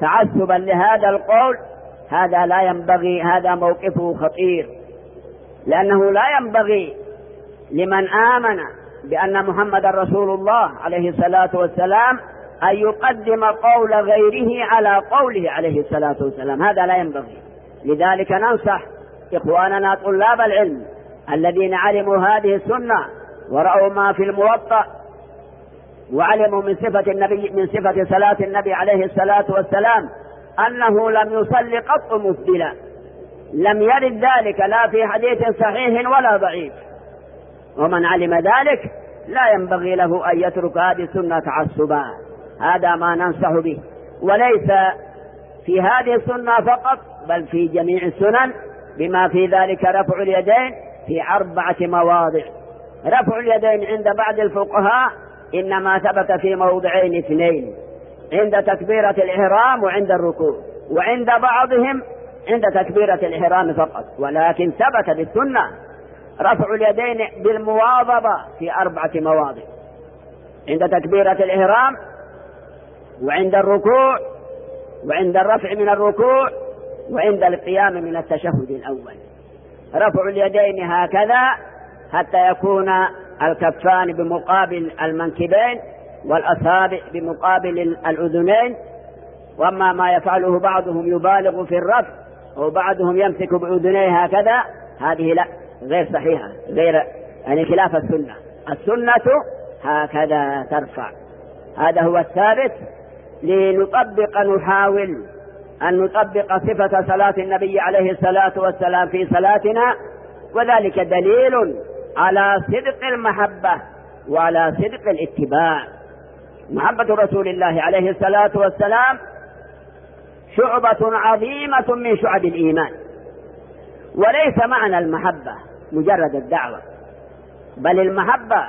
تعسبا لهذا القول هذا لا ينبغي هذا موقفه خطير لأنه لا ينبغي لمن آمن بأن محمد رسول الله عليه الصلاة والسلام أن يقدم قول غيره على قوله عليه الصلاة والسلام هذا لا ينبغي لذلك ننصح إخواننا طلاب العلم الذين علموا هذه السنة ورأوا ما في الموطأ وعلموا من صفة النبي من صفة صلاة النبي عليه الصلاة والسلام أنه لم يصلي قط مسجلا لم يرد ذلك لا في حديث صحيح ولا ضعيف ومن علم ذلك لا ينبغي له أن يترك هذه السنة تعصبا هذا ما ننصح به وليس في هذه السنة فقط بل في جميع السنن بما في ذلك رفع اليدين في أربعة مواضع رفع اليدين عند بعض الفقهاء إنما ثبت في موضعين اثنين عند تكبيرة الإحرام وعند الركوع وعند بعضهم عند تكبيرة الإحرام فقط ولكن ثبت بالسنة رفع اليدين بالمواظبة في أربعة مواضع عند تكبيرة الإحرام وعند الركوع وعند الرفع من الركوع وعند القيام من التشهد الأول رفع اليدين هكذا حتى يكون الكفان بمقابل المنكبين والأصابع بمقابل الأذنين وأما ما يفعله بعضهم يبالغ في الرفع وبعضهم يمسك بأذنيه هكذا هذه لا غير صحيحة غير يعني خلاف السنة السنة هكذا ترفع هذا هو الثابت لنطبق نحاول أن نطبق صفة صلاة النبي عليه الصلاة والسلام في صلاتنا وذلك دليل على صدق المحبة وعلى صدق الاتباع محبة رسول الله عليه الصلاة والسلام شعبة عظيمة من شعب الإيمان وليس معنى المحبة مجرد الدعوة بل المحبة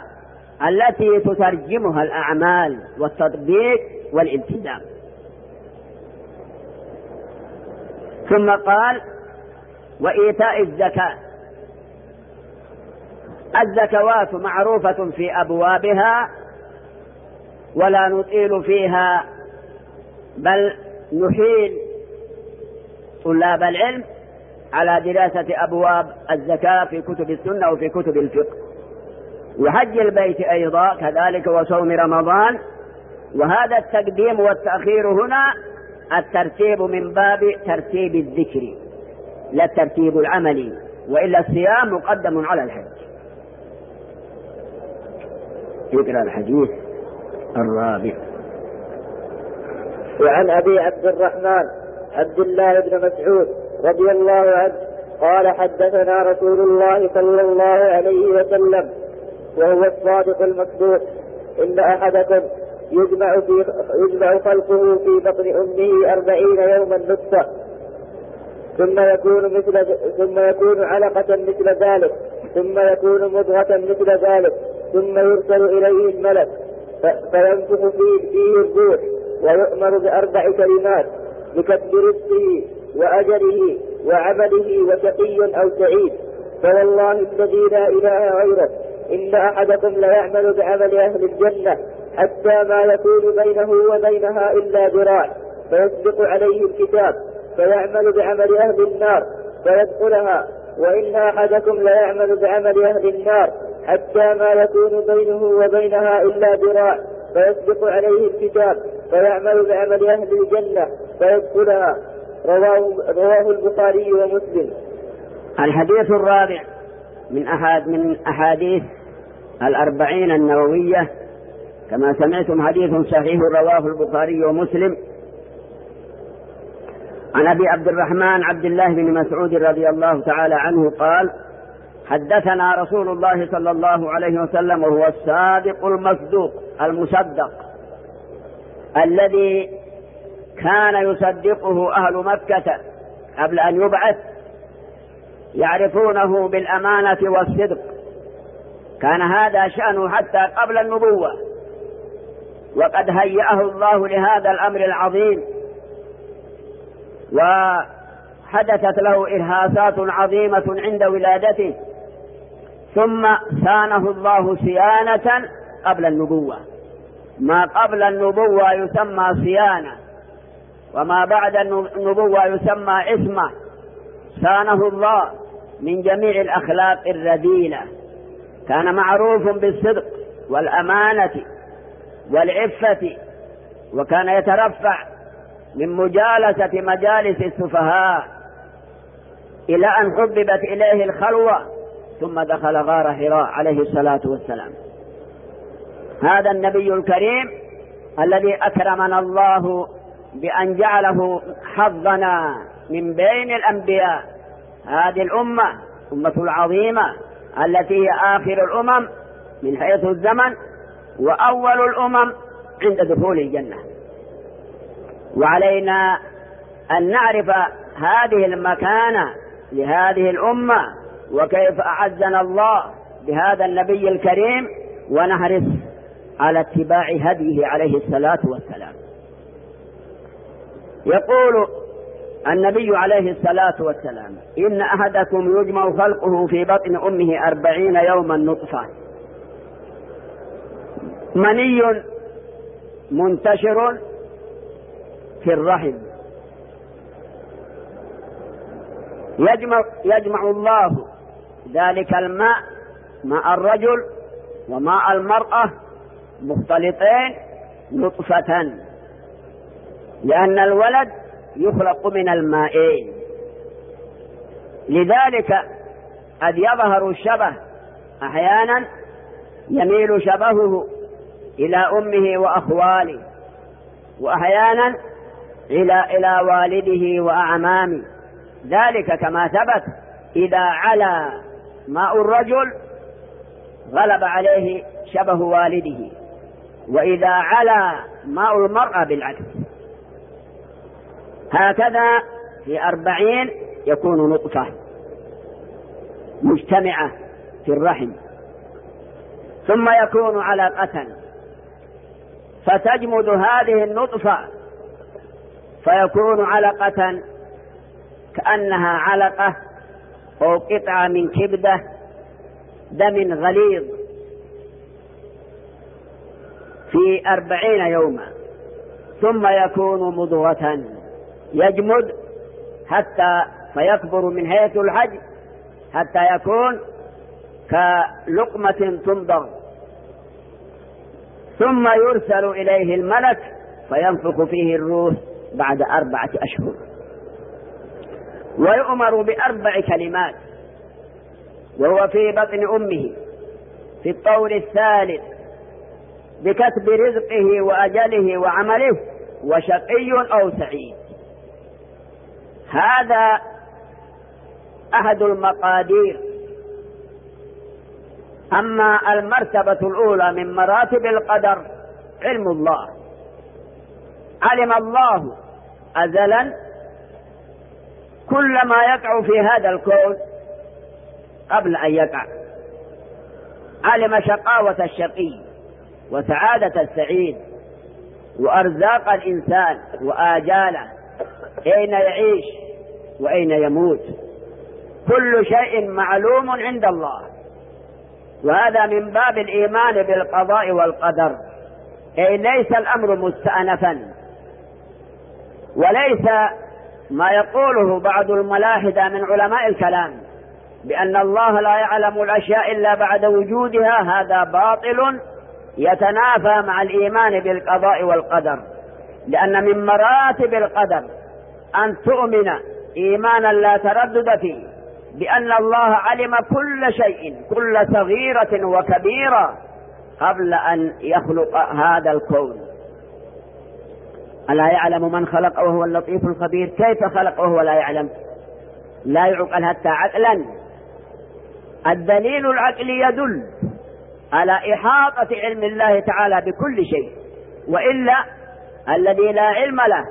التي تترجمها الأعمال والتطبيق والالتزام ثم قال وإيتاء الزكاة الزكوات معروفة في أبوابها ولا نطيل فيها بل نحيل طلاب العلم على دراسة أبواب الزكاة في كتب السنة وفي كتب الفقه وحج البيت أيضا كذلك وصوم رمضان وهذا التقديم والتأخير هنا الترتيب من باب ترتيب الذكر لا الترتيب العملي وإلا الصيام مقدم على الحج يقرأ الحديث الرابع وعن ابي عبد الرحمن عبد الله بن مسعود رضي الله عنه قال حدثنا رسول الله صلى الله عليه وسلم وهو الصادق المصدوق ان احدكم يجمع في يجمع خلقه في بطن امه أربعين يوما نطفه ثم يكون مثل ثم يكون علقة مثل ذلك ثم يكون مضغة مثل ذلك ثم يرسل إليه الملك فينفخ فيه, فيه الروح ويؤمر بأربع كلمات بكتب رزقه وأجله وعمله وشقي أو سعيد فوالله الذي لا إله غيره إن أحدكم ليعمل بعمل أهل الجنة حتى ما يكون بينه وبينها إلا ذراع فيصدق عليه الكتاب فيعمل بعمل أهل النار فيدخلها وإن أحدكم ليعمل بعمل أهل النار حتى ما يكون بينه وبينها إلا ذراع فيصدق عليه الكتاب فيعمل بعمل أهل الجنة فيدخلها رواه, رواه البخاري ومسلم الحديث الرابع من أحد من أحاديث الأربعين النووية كما سمعتم حديث صحيح رواه البخاري ومسلم عن أبي عبد الرحمن عبد الله بن مسعود رضي الله تعالى عنه قال حدثنا رسول الله صلى الله عليه وسلم وهو الصادق المصدوق المصدق الذي كان يصدقه أهل مكة قبل أن يبعث يعرفونه بالأمانة والصدق كان هذا شأنه حتى قبل النبوة وقد هيأه الله لهذا الأمر العظيم وحدثت له إرهاصات عظيمة عند ولادته ثم سانه الله صيانة قبل النبوة ما قبل النبوة يسمى صيانة وما بعد النبوة يسمى اسمة سانه الله من جميع الأخلاق الرذيلة كان معروف بالصدق والأمانة والعفة وكان يترفع من مجالسة مجالس السفهاء إلى أن حببت إليه الخلوة ثم دخل غار حراء عليه الصلاة والسلام هذا النبي الكريم الذي أكرمنا الله بأن جعله حظنا من بين الأنبياء هذه الأمة أمة العظيمة التي هي آخر الأمم من حيث الزمن وأول الأمم عند دخول الجنة وعلينا أن نعرف هذه المكانة لهذه الأمة وكيف أعزنا الله بهذا النبي الكريم ونحرص على اتباع هديه عليه الصلاة والسلام يقول النبي عليه الصلاة والسلام إن أحدكم يجمع خلقه في بطن أمه أربعين يوما نطفة مني منتشر في الرحم يجمع, يجمع الله ذلك الماء ماء الرجل وماء المرأة مختلطين نطفة لأن الولد يخلق من المائين لذلك قد يظهر الشبه أحيانا يميل شبهه إلى أمه وأخواله وأحيانا إلى إلى والده وأعمامه ذلك كما ثبت إذا علا ماء الرجل غلب عليه شبه والده وإذا علا ماء المرأة بالعكس هكذا في أربعين يكون نطفة مجتمعة في الرحم ثم يكون علقة فتجمد هذه النطفة فيكون علقة كأنها علقة أو قطعة من كبدة دم غليظ في أربعين يوما ثم يكون مضغة يجمد حتى فيكبر من هيئة الحجم حتى يكون كلقمة تمضغ ثم يرسل إليه الملك فينفخ فيه الروح بعد أربعة أشهر ويؤمر بأربع كلمات وهو في بطن أمه في الطور الثالث بكسب رزقه وأجله وعمله وشقي أو سعيد هذا أحد المقادير أما المرتبة الأولى من مراتب القدر علم الله علم الله أزلا كل ما يقع في هذا الكون قبل أن يقع علم شقاوة الشقي وسعادة السعيد وأرزاق الإنسان وآجاله أين يعيش وأين يموت كل شيء معلوم عند الله وهذا من باب الإيمان بالقضاء والقدر أي ليس الأمر مستأنفا وليس ما يقوله بعض الملاحدة من علماء الكلام بأن الله لا يعلم الأشياء إلا بعد وجودها هذا باطل يتنافى مع الإيمان بالقضاء والقدر لأن من مراتب القدر أن تؤمن إيمانا لا تردد فيه بأن الله علم كل شيء كل صغيرة وكبيرة قبل أن يخلق هذا الكون ألا يعلم من خلق وهو اللطيف الخبير كيف خلق وهو لا يعلم لا يعقل حتى عقلا الدليل العقلي يدل على إحاطة علم الله تعالى بكل شيء وإلا الذي لا علم له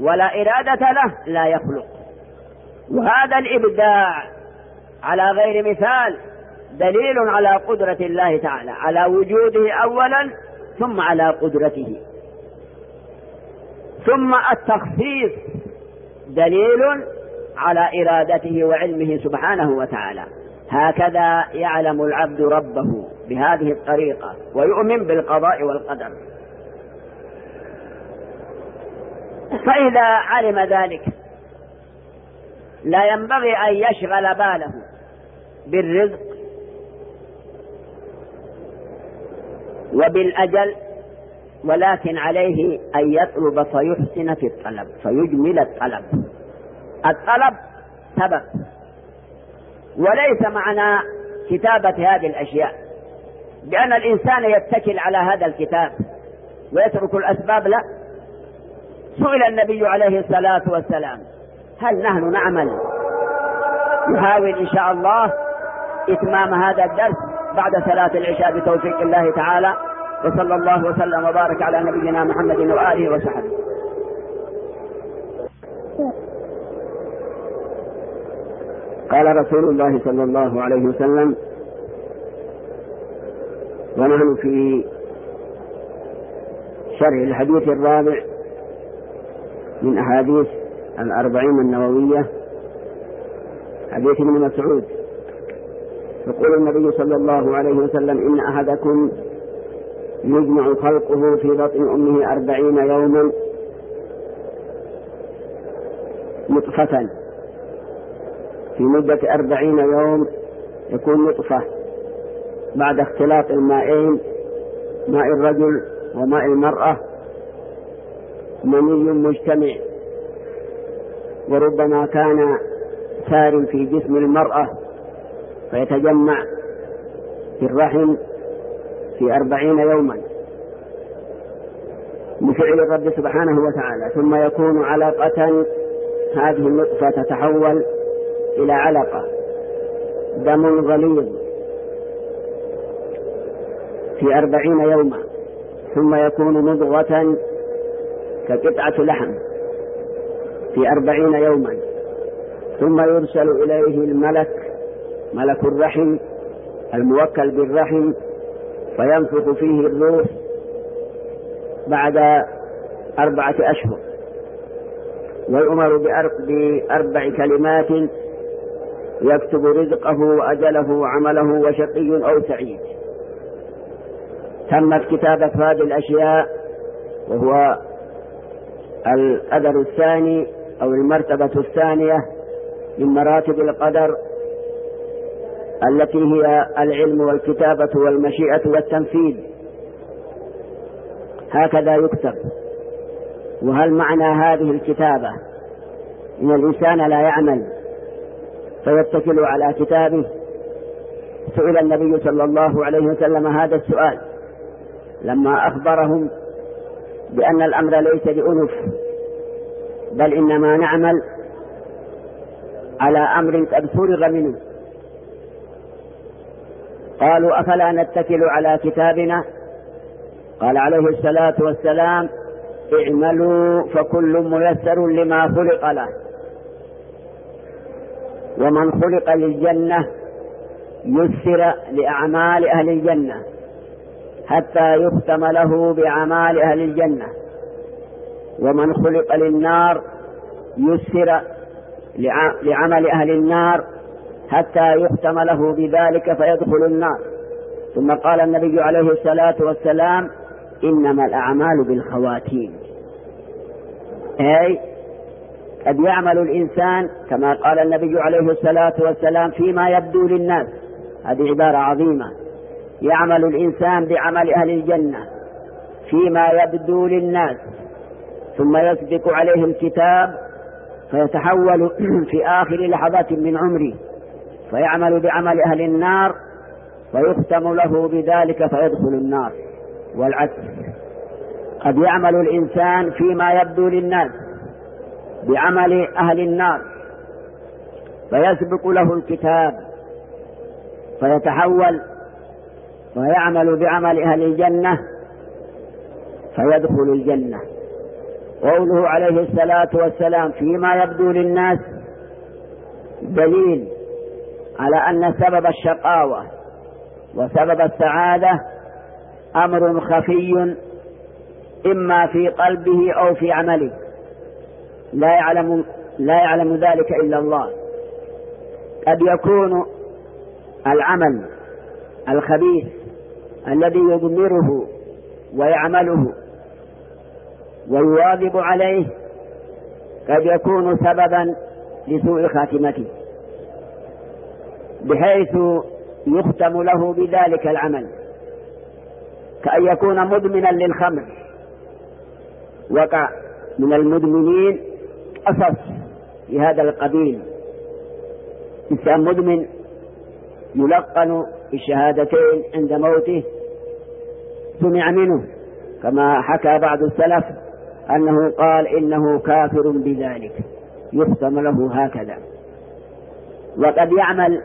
ولا إرادة له لا يخلق وهذا الإبداع على غير مثال دليل على قدرة الله تعالى على وجوده أولا ثم على قدرته ثم التخصيص دليل على إرادته وعلمه سبحانه وتعالى هكذا يعلم العبد ربه بهذه الطريقة ويؤمن بالقضاء والقدر فإذا علم ذلك لا ينبغي أن يشغل باله بالرزق وبالأجل ولكن عليه أن يطلب فيحسن في الطلب فيجمل الطلب الطلب سبب وليس معنى كتابة هذه الأشياء لأن الإنسان يتكل على هذا الكتاب ويترك الأسباب لا سئل النبي عليه الصلاة والسلام هل نحن نعمل نحاول إن شاء الله إتمام هذا الدرس بعد صلاة العشاء بتوفيق الله تعالى وصلى الله وسلم وبارك على نبينا محمد وآله وصحبه قال رسول الله صلى الله عليه وسلم ونحن في شرح الحديث الرابع من أحاديث الأربعين النووية حديث ابن مسعود يقول النبي صلى الله عليه وسلم إن أحدكم يجمع خلقه في بطن أمه أربعين يوما نطفة في مدة أربعين يوم يكون نطفة بعد اختلاط المائين ماء الرجل وماء المرأة مني مجتمع وربما كان سار في جسم المرأة فيتجمع في الرحم في أربعين يوما بفعل الرب سبحانه وتعالى ثم يكون علقة هذه النطفة تتحول إلى علقة دم غليظ في أربعين يوما ثم يكون مضغة كقطعة لحم في أربعين يوما ثم يرسل إليه الملك ملك الرحم الموكل بالرحم فينفخ فيه الروح بعد أربعة أشهر ويؤمر بأربع كلمات يكتب رزقه وأجله وعمله وشقي أو سعيد تمت كتابة هذه الأشياء وهو الأدب الثاني أو المرتبة الثانية من مراتب القدر التي هي العلم والكتابة والمشيئة والتنفيذ هكذا يكتب وهل معنى هذه الكتابة إن الإنسان لا يعمل فيتكل على كتابه سئل النبي صلى الله عليه وسلم هذا السؤال لما أخبرهم بأن الأمر ليس بأنف بل إنما نعمل على أمر قد فرغ منه قالوا أفلا نتكل على كتابنا قال عليه الصلاة والسلام اعملوا فكل ميسر لما خلق له ومن خلق للجنة يسر لأعمال أهل الجنة حتى يختم له بأعمال أهل الجنة ومن خلق للنار يسر لعمل أهل النار حتى يختم له بذلك فيدخل النار ثم قال النبي عليه الصلاة والسلام إنما الأعمال بالخواتيم أي قد يعمل الإنسان كما قال النبي عليه الصلاة والسلام فيما يبدو للناس هذه عبارة عظيمة يعمل الإنسان بعمل أهل الجنة فيما يبدو للناس ثم يسبق عليه الكتاب فيتحول في آخر لحظات من عمره فيعمل بعمل أهل النار فيختم له بذلك فيدخل النار والعكس قد يعمل الإنسان فيما يبدو للناس بعمل أهل النار فيسبق له الكتاب فيتحول ويعمل بعمل أهل الجنة فيدخل الجنة قوله عليه الصلاة والسلام فيما يبدو للناس دليل على أن سبب الشقاوة وسبب السعادة أمر خفي إما في قلبه أو في عمله لا يعلم لا يعلم ذلك إلا الله قد يكون العمل الخبيث الذي يضمره ويعمله ويواظب عليه قد يكون سببا لسوء خاتمته بحيث يختم له بذلك العمل كأن يكون مدمنا للخمر وقع من المدمنين قصص في هذا القبيل إنسان مدمن يلقن بالشهادتين عند موته سمع منه كما حكى بعض السلف أنه قال إنه كافر بذلك يختم له هكذا وقد يعمل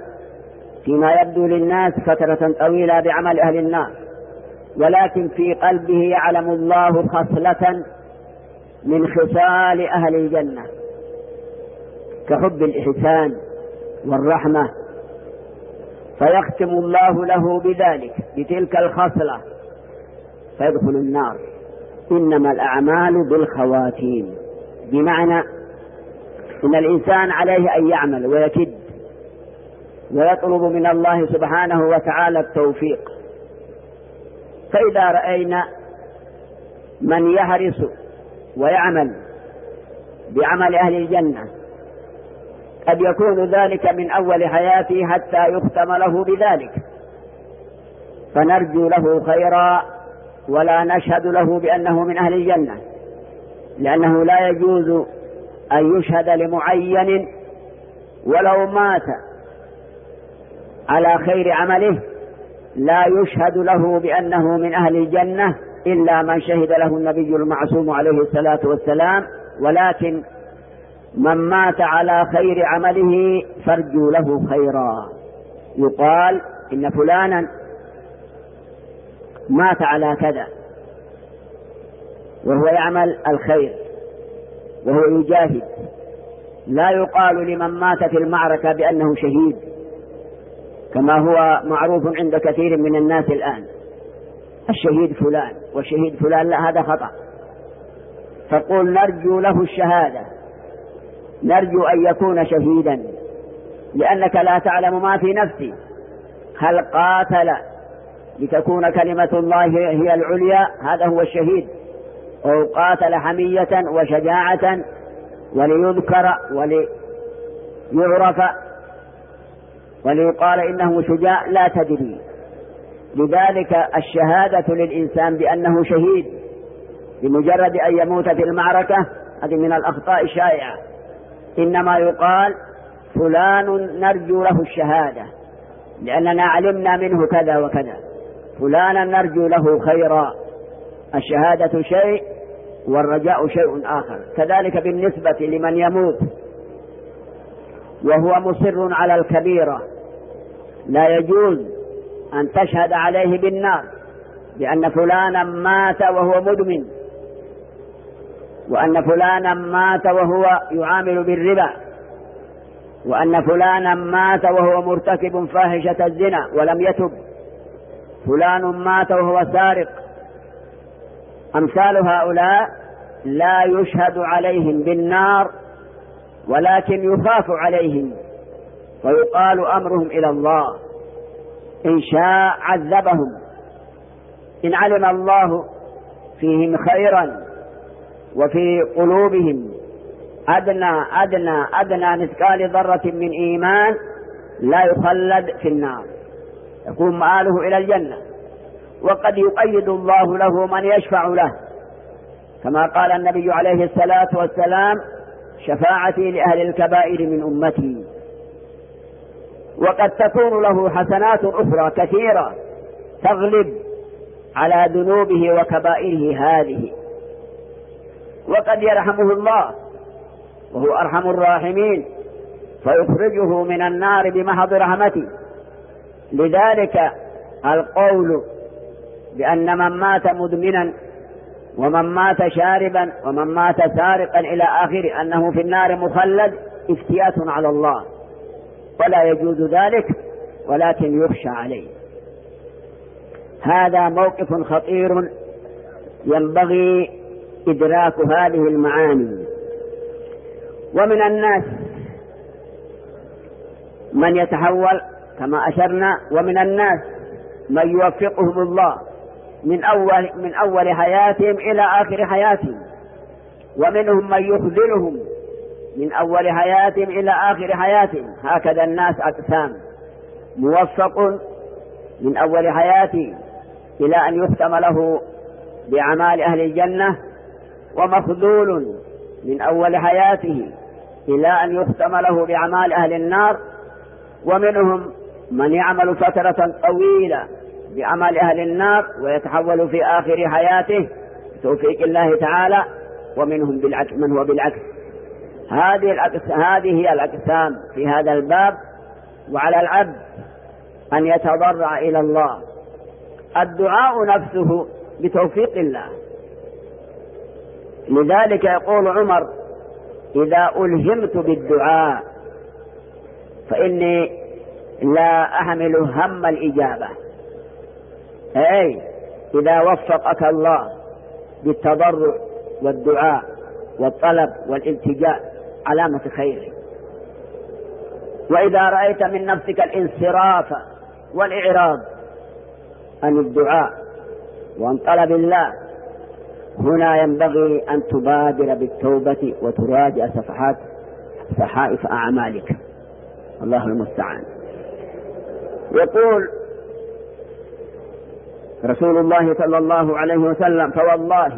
فيما يبدو للناس فترة طويلة بعمل أهل النار ولكن في قلبه يعلم الله خصلة من خصال أهل الجنة كحب الإحسان والرحمة فيختم الله له بذلك بتلك الخصلة فيدخل النار إنما الأعمال بالخواتيم بمعنى إن الإنسان عليه أن يعمل ويكد ويطلب من الله سبحانه وتعالى التوفيق فإذا رأينا من يهرس ويعمل بعمل أهل الجنة قد يكون ذلك من أول حياته حتى يختم له بذلك فنرجو له خيرا ولا نشهد له بأنه من أهل الجنة لأنه لا يجوز أن يشهد لمعين ولو مات على خير عمله لا يشهد له بأنه من أهل الجنة إلا من شهد له النبي المعصوم عليه الصلاة والسلام ولكن من مات على خير عمله فارجوا له خيرا يقال إن فلانا مات على كذا وهو يعمل الخير وهو يجاهد لا يقال لمن مات في المعركة بأنه شهيد كما هو معروف عند كثير من الناس الآن الشهيد فلان والشهيد فلان لا هذا خطأ تقول نرجو له الشهادة نرجو أن يكون شهيدا لأنك لا تعلم ما في نفسي هل قاتل لتكون كلمة الله هي العليا هذا هو الشهيد أو قاتل حمية وشجاعة وليذكر وليعرف وليقال إنه شجاع لا تدري لذلك الشهادة للإنسان بأنه شهيد بمجرد أن يموت في المعركة هذه من الأخطاء الشائعة إنما يقال فلان نرجو له الشهادة لأننا علمنا منه كذا وكذا فلانا نرجو له خيرا الشهادة شيء والرجاء شيء آخر كذلك بالنسبة لمن يموت وهو مصر على الكبيرة لا يجوز أن تشهد عليه بالنار بأن فلانا مات وهو مدمن وأن فلانا مات وهو يعامل بالربا وأن فلانا مات وهو مرتكب فاحشة الزنا ولم يتب فلان مات وهو سارق أمثال هؤلاء لا يشهد عليهم بالنار ولكن يخاف عليهم ويقال أمرهم إلى الله إن شاء عذبهم إن علم الله فيهم خيرا وفي قلوبهم أدنى أدنى أدنى مثقال ذرة من إيمان لا يخلد في النار يكون مآله إلى الجنة وقد يؤيد الله له من يشفع له كما قال النبي عليه الصلاة والسلام شفاعتي لأهل الكبائر من أمتي وقد تكون له حسنات أخرى كثيرة تغلب على ذنوبه وكبائره هذه وقد يرحمه الله وهو أرحم الراحمين فيخرجه من النار بمحض رحمته لذلك القول بأن من مات مدمنا ومن مات شاربا ومن مات سارقا إلى آخره أنه في النار مخلد افتيات على الله ولا يجوز ذلك ولكن يخشى عليه هذا موقف خطير ينبغي إدراك هذه المعاني ومن الناس من يتحول كما أشرنا ومن الناس من يوفقهم الله من أول من أول حياتهم إلى آخر حياتهم ومنهم من يخذلهم من أول حياة إلى آخر حياة هكذا الناس أقسام موفق من أول حياته إلى أن يختم له بأعمال أهل الجنة ومخذول من أول حياته إلى أن يختم له بأعمال أهل النار ومنهم من يعمل فترة طويلة بعمل أهل النار ويتحول في آخر حياته بتوفيق الله تعالى ومنهم بالعكس من هو بالعكس هذه الأقسام هذه الأقسام في هذا الباب وعلى العبد أن يتضرع إلى الله الدعاء نفسه بتوفيق الله لذلك يقول عمر إذا ألهمت بالدعاء فإني لا أحمل هم الإجابة أي إذا وفقك الله بالتضرع والدعاء والطلب والالتجاء علامة خير وإذا رأيت من نفسك الانصراف والإعراض عن الدعاء وعن طلب الله هنا ينبغي أن تبادر بالتوبة وتراجع صفحات صحائف أعمالك الله المستعان يقول رسول الله صلى الله عليه وسلم فوالله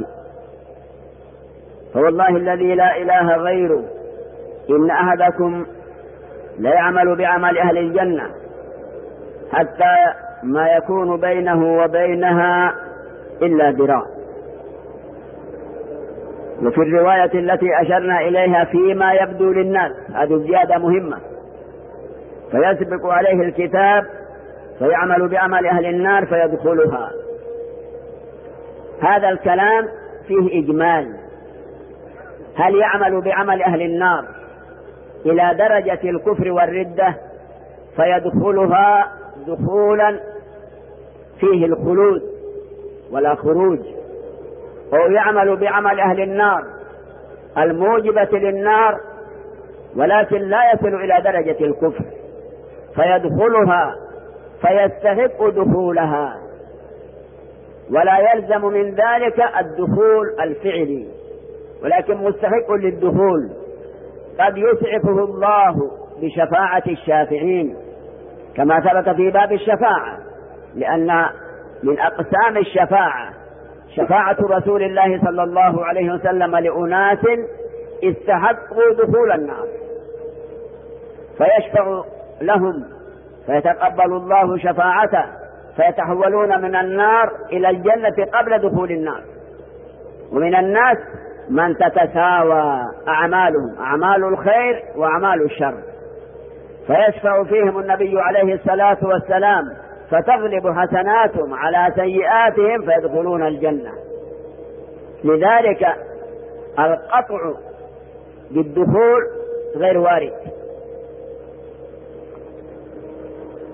فوالله الذي لا إله غيره إن أحدكم ليعمل بعمل أهل الجنة حتى ما يكون بينه وبينها إلا ذراع وفي الرواية التي أشرنا إليها فيما يبدو للناس هذه زيادة مهمة فيسبق عليه الكتاب فيعمل بعمل أهل النار فيدخلها هذا الكلام فيه إجمال هل يعمل بعمل أهل النار إلى درجة الكفر والردة فيدخلها دخولا فيه الخلود ولا خروج أو يعمل بعمل أهل النار الموجبة للنار ولكن لا يصل إلى درجة الكفر فيدخلها فيستحق دخولها ولا يلزم من ذلك الدخول الفعلي ولكن مستحق للدخول قد يسعفه الله بشفاعة الشافعين كما ثبت في باب الشفاعة لأن من أقسام الشفاعة شفاعة رسول الله صلى الله عليه وسلم لأناس استحقوا دخول النار فيشفع لهم فيتقبل الله شفاعته فيتحولون من النار إلى الجنة قبل دخول النار ومن الناس من تتساوى أعمالهم أعمال الخير وأعمال الشر فيشفع فيهم النبي عليه الصلاة والسلام فتغلب حسناتهم على سيئاتهم فيدخلون الجنة لذلك القطع بالدخول غير وارد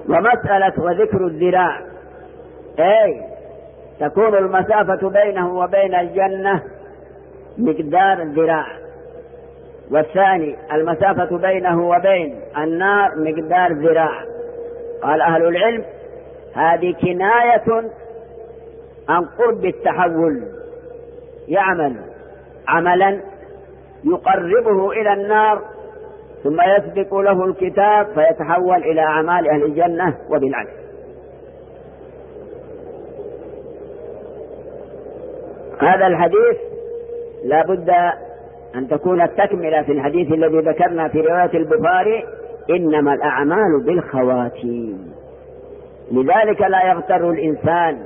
ومسألة وذكر الذراع أي تكون المسافة بينه وبين الجنة مقدار الذراع والثاني المسافة بينه وبين النار مقدار ذراع قال أهل العلم هذه كناية عن قرب التحول يعمل عملا يقربه إلى النار ثم يسبق له الكتاب فيتحول إلى أعمال أهل الجنة وبالعكس هذا الحديث لا بد أن تكون التكملة في الحديث الذي ذكرنا في رواية البخاري إنما الأعمال بالخواتيم لذلك لا يغتر الإنسان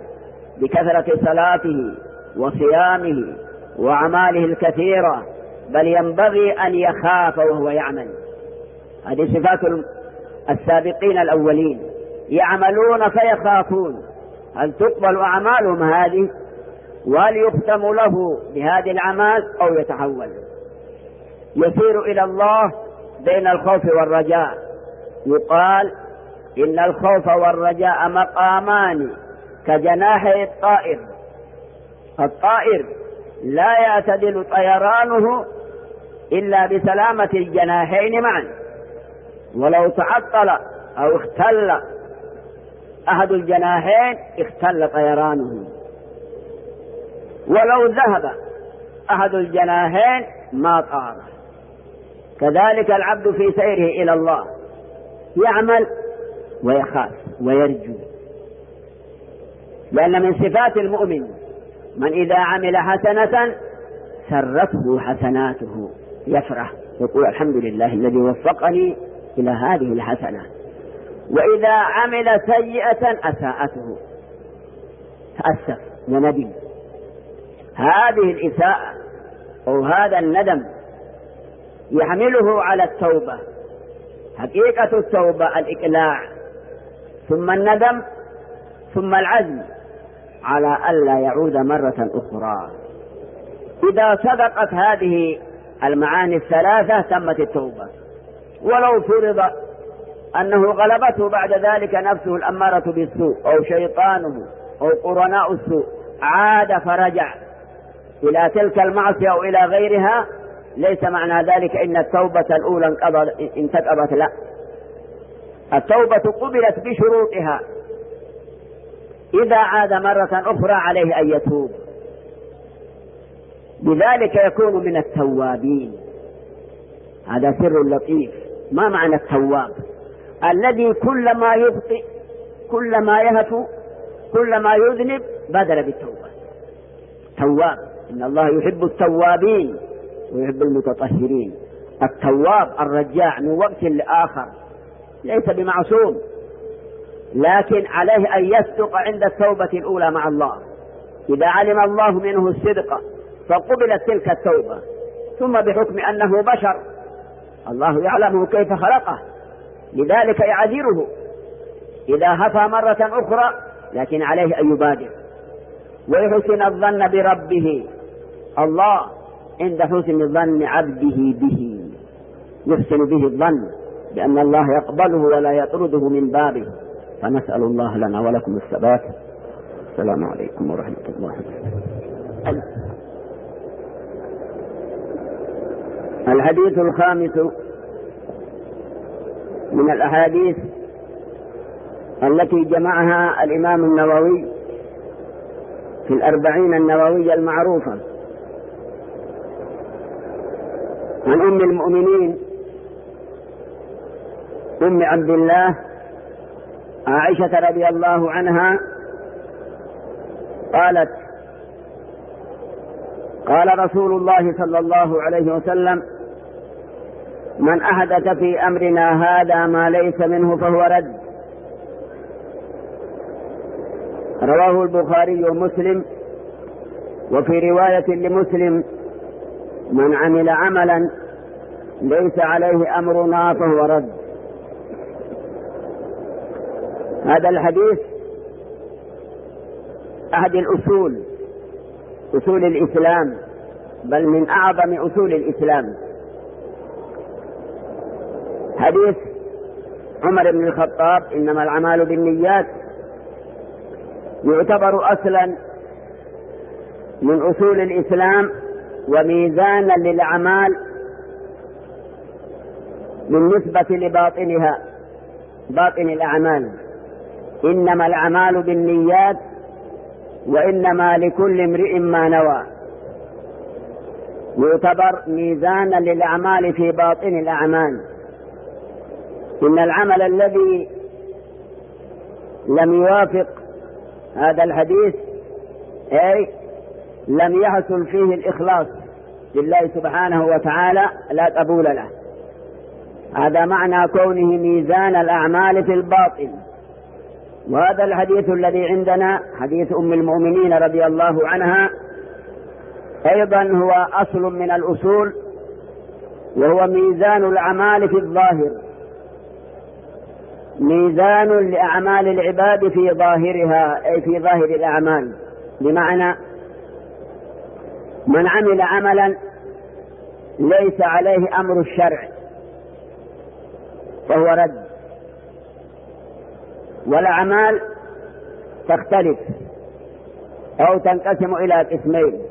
بكثرة صلاته وصيامه وأعماله الكثيرة بل ينبغي أن يخاف وهو يعمل هذه صفات السابقين الأولين يعملون فيخافون هل تقبل أعمالهم هذه وليختم له بهذه العماس أو يتحول يسير إلى الله بين الخوف والرجاء يقال إن الخوف والرجاء مقامان كجناحي الطائر الطائر لا يعتدل طيرانه إلا بسلامة الجناحين معا ولو تعطل أو اختل أحد الجناحين اختل طيرانه ولو ذهب أحد الجناحين ما طار كذلك العبد في سيره إلى الله يعمل ويخاف ويرجو لأن من صفات المؤمن من إذا عمل حسنة سرته حسناته يفرح يقول الحمد لله الذي وفقني إلى هذه الحسنة وإذا عمل سيئة أساءته تأسف وندم هذه الإساءة أو هذا الندم يحمله على التوبة حقيقة التوبة الإقلاع ثم الندم ثم العزم على ألا يعود مرة أخرى إذا صدقت هذه المعاني الثلاثة تمت التوبة ولو فرض أنه غلبته بعد ذلك نفسه الأمارة بالسوء أو شيطانه أو قرناء السوء عاد فرجع إلى تلك المعصية أو إلى غيرها ليس معنى ذلك إن التوبة الأولى انتقضت لا التوبة قبلت بشروطها إذا عاد مرة أخرى عليه أن يتوب بذلك يكون من التوابين هذا سر لطيف ما معنى التواب الذي كلما يبطئ كلما يهفو كلما يذنب بادر بالتوبة تواب إن الله يحب التوابين ويحب المتطهرين التواب الرجاع من وقت لآخر ليس بمعصوم لكن عليه أن يصدق عند التوبة الأولى مع الله إذا علم الله منه الصدق فقبلت تلك التوبة ثم بحكم أنه بشر الله يعلم كيف خلقه لذلك يعذره إذا هفى مرة أخرى لكن عليه أن يبادر ويحسن الظن بربه الله عند حسن ظن عبده به يحسن به الظن بأن الله يقبله ولا يطرده من بابه فنسأل الله لنا ولكم الثبات السلام عليكم ورحمة الله الحديث الخامس من الأحاديث التي جمعها الإمام النووي في الأربعين النووية المعروفة عن أم المؤمنين أم عبد الله عائشة رضي الله عنها قالت قال رسول الله صلى الله عليه وسلم من أحدث في أمرنا هذا ما ليس منه فهو رد رواه البخاري ومسلم وفي رواية لمسلم من عمل عملا ليس عليه امرنا فهو رد هذا الحديث احد الاصول اصول الاسلام بل من اعظم اصول الاسلام حديث عمر بن الخطاب انما الاعمال بالنيات يعتبر اصلا من اصول الاسلام وميزانا للأعمال بالنسبة لباطنها باطن الأعمال إنما الأعمال بالنيات وإنما لكل امرئ ما نوى يعتبر ميزانا للأعمال في باطن الأعمال إن العمل الذي لم يوافق هذا الحديث أي لم يحصل فيه الإخلاص لله سبحانه وتعالى لا قبول له هذا معنى كونه ميزان الأعمال في الباطل وهذا الحديث الذي عندنا حديث أم المؤمنين رضي الله عنها أيضا هو أصل من الأصول وهو ميزان الأعمال في الظاهر ميزان لأعمال العباد في ظاهرها أي في ظاهر الأعمال بمعنى من عمل عملا ليس عليه امر الشرع فهو رد والاعمال تختلف او تنقسم الى قسمين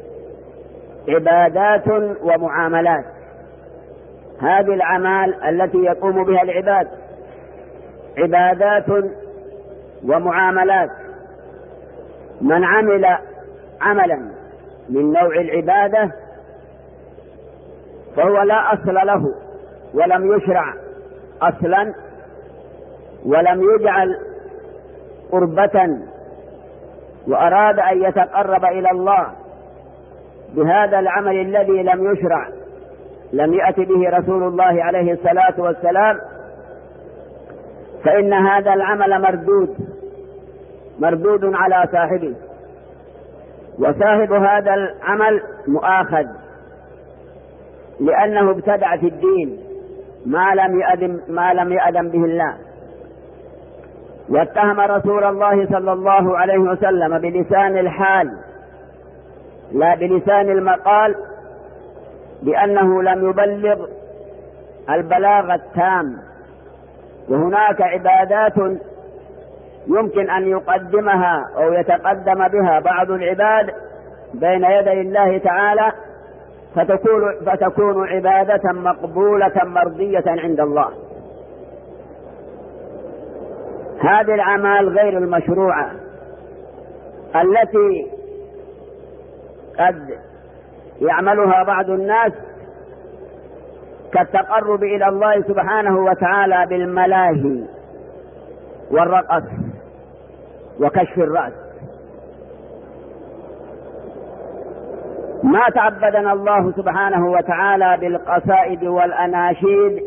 عبادات ومعاملات هذه الاعمال التي يقوم بها العباد عبادات ومعاملات من عمل عملا من نوع العبادة فهو لا أصل له ولم يشرع أصلا ولم يجعل قربة وأراد أن يتقرب إلى الله بهذا العمل الذي لم يشرع لم يأت به رسول الله عليه الصلاة والسلام فإن هذا العمل مردود مردود على صاحبه وصاحب هذا العمل مؤاخذ لأنه ابتدع في الدين ما لم يأذن ما لم يأذن به الله واتهم رسول الله صلى الله عليه وسلم بلسان الحال لا بلسان المقال بأنه لم يبلغ البلاغ التام وهناك عبادات يمكن أن يقدمها أو يتقدم بها بعض العباد بين يدي الله تعالى فتكون فتكون عبادة مقبولة مرضية عند الله. هذه الأعمال غير المشروعة التي قد يعملها بعض الناس كالتقرب إلى الله سبحانه وتعالى بالملاهي والرقص وكشف الرأس ما تعبدنا الله سبحانه وتعالى بالقصائد والأناشيد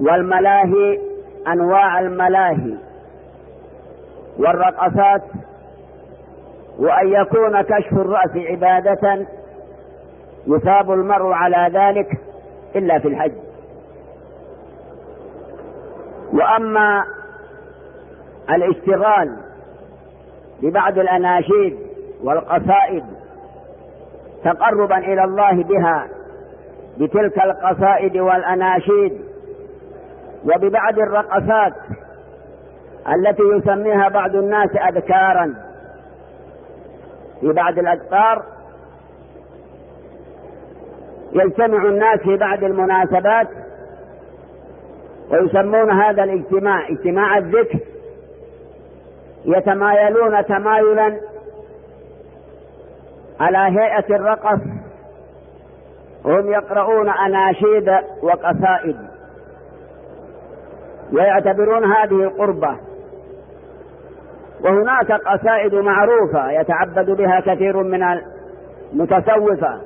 والملاهي أنواع الملاهي والرقصات وأن يكون كشف الرأس عبادة يثاب المرء على ذلك إلا في الحج وأما الاشتغال ببعض الأناشيد والقصائد تقربا إلى الله بها بتلك القصائد والأناشيد وببعض الرقصات التي يسميها بعض الناس أذكارا في بعض الأذكار يجتمع الناس في بعض المناسبات ويسمون هذا الاجتماع اجتماع الذكر يتمايلون تمايلا على هيئة الرقص هم يقرؤون أناشيد وقصائد ويعتبرون هذه القربة وهناك قصائد معروفة يتعبد بها كثير من المتصوفة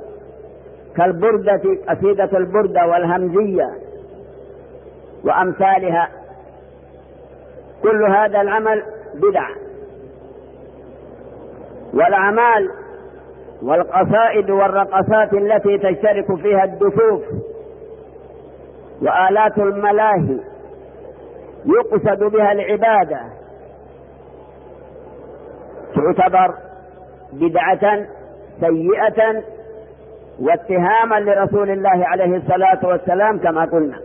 كالبردة قصيدة البردة والهمزية وأمثالها كل هذا العمل بدع والأعمال والقصائد والرقصات التي تشترك فيها الدفوف وآلات الملاهي يقصد بها العبادة تعتبر بدعة سيئة واتهاما لرسول الله عليه الصلاة والسلام كما قلنا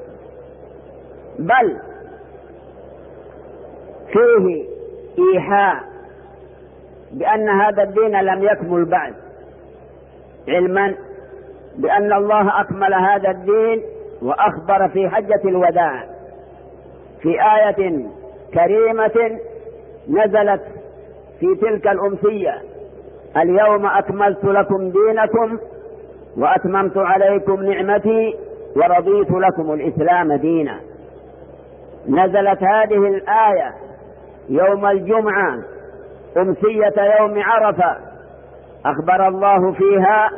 بل فيه إيحاء بأن هذا الدين لم يكمل بعد علما بأن الله أكمل هذا الدين وأخبر في حجة الوداع في آية كريمة نزلت في تلك الأمسية اليوم أكملت لكم دينكم وأتممت عليكم نعمتي ورضيت لكم الإسلام دينا نزلت هذه الآية يوم الجمعة أمسية يوم عرفة أخبر الله فيها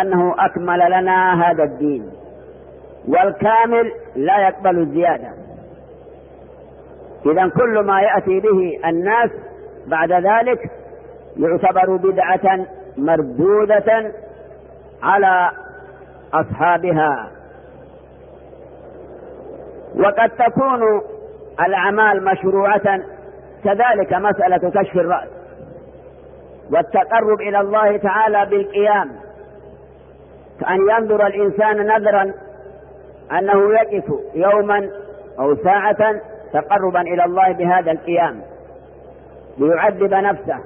أنه أكمل لنا هذا الدين والكامل لا يقبل الزيادة إذا كل ما يأتي به الناس بعد ذلك يعتبر بدعة مردودة على أصحابها وقد تكون الأعمال مشروعة كذلك مسألة كشف الرأس والتقرب إلى الله تعالى بالقيام أن ينظر الإنسان نذرا أنه يقف يوما أو ساعة تقربا إلى الله بهذا القيام ليعذب نفسه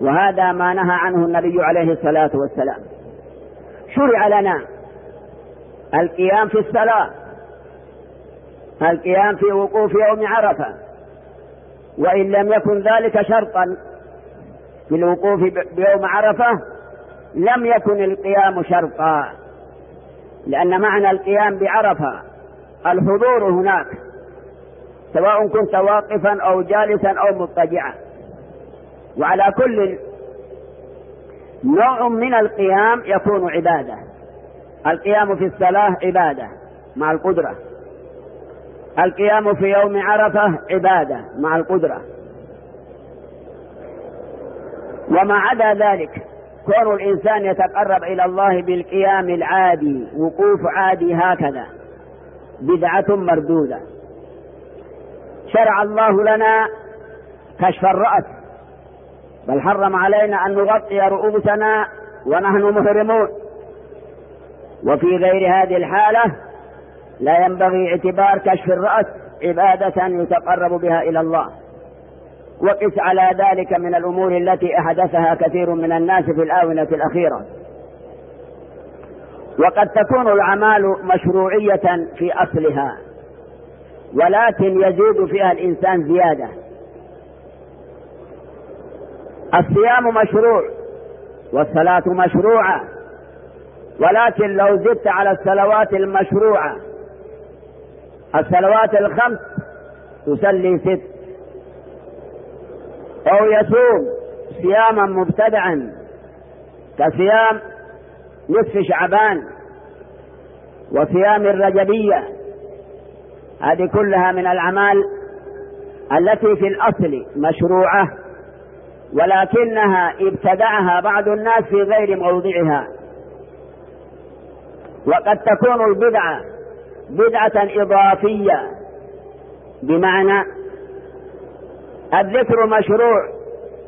وهذا ما نهى عنه النبي عليه الصلاة والسلام شرع لنا القيام في الصلاة القيام في وقوف يوم عرفة وإن لم يكن ذلك شرطا في الوقوف بيوم عرفة لم يكن القيام شرطا لأن معنى القيام بعرفة الحضور هناك سواء كنت واقفا أو جالسا أو مضطجعا وعلى كل نوع من القيام يكون عبادة القيام في الصلاة عبادة مع القدرة القيام في يوم عرفة عبادة مع القدرة وما عدا ذلك كون الإنسان يتقرب إلى الله بالقيام العادي وقوف عادي هكذا بدعة مردودة شرع الله لنا كشف الرأس بل حرم علينا أن نغطي رؤوسنا ونحن محرمون وفي غير هذه الحالة لا ينبغي اعتبار كشف الرأس عبادة يتقرب بها إلى الله وقس على ذلك من الأمور التي أحدثها كثير من الناس في الآونة الأخيرة وقد تكون الأعمال مشروعية في أصلها ولكن يزيد فيها الإنسان زيادة الصيام مشروع والصلاة مشروعة ولكن لو زدت على الصلوات المشروعة الصلوات الخمس تصلي ست أو يصوم صياما مبتدعا كصيام نصف شعبان وصيام الرجبية هذه كلها من الأعمال التي في الأصل مشروعة ولكنها ابتدعها بعض الناس في غير موضعها وقد تكون البدعة بدعة إضافية بمعنى الذكر مشروع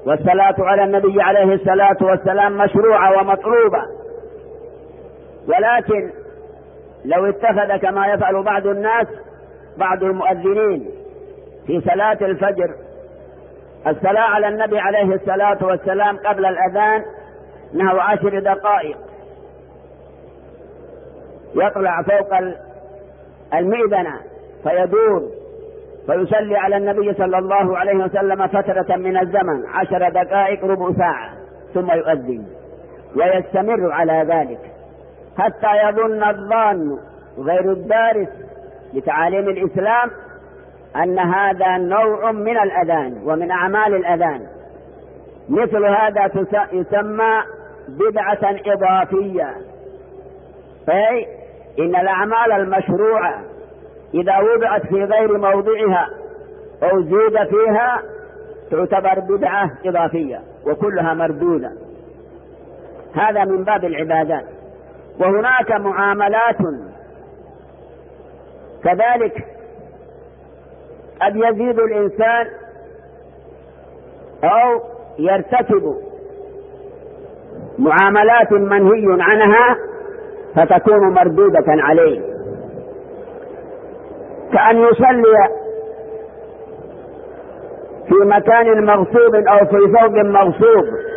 والصلاة على النبي عليه الصلاة والسلام مشروعة ومطلوبة ولكن لو اتخذ كما يفعل بعض الناس بعض المؤذنين في صلاة الفجر الصلاة على النبي عليه الصلاة والسلام قبل الأذان نحو عشر دقائق يطلع فوق المئذنة فيدور فيصلي على النبي صلى الله عليه وسلم فترة من الزمن عشر دقائق ربع ساعة ثم يؤذن ويستمر على ذلك حتى يظن الظان غير الدارس لتعاليم الإسلام أن هذا نوع من الأذان ومن أعمال الأذان مثل هذا يسمى بدعة إضافية إن الأعمال المشروعة إذا وضعت في غير موضعها أو زيد فيها تعتبر بدعة إضافية وكلها مردودة هذا من باب العبادات وهناك معاملات كذلك قد يزيد الإنسان أو يرتكب معاملات منهي عنها فتكون مردودة عليه كأن يصلي في مكان مغصوب أو في ثوب مغصوب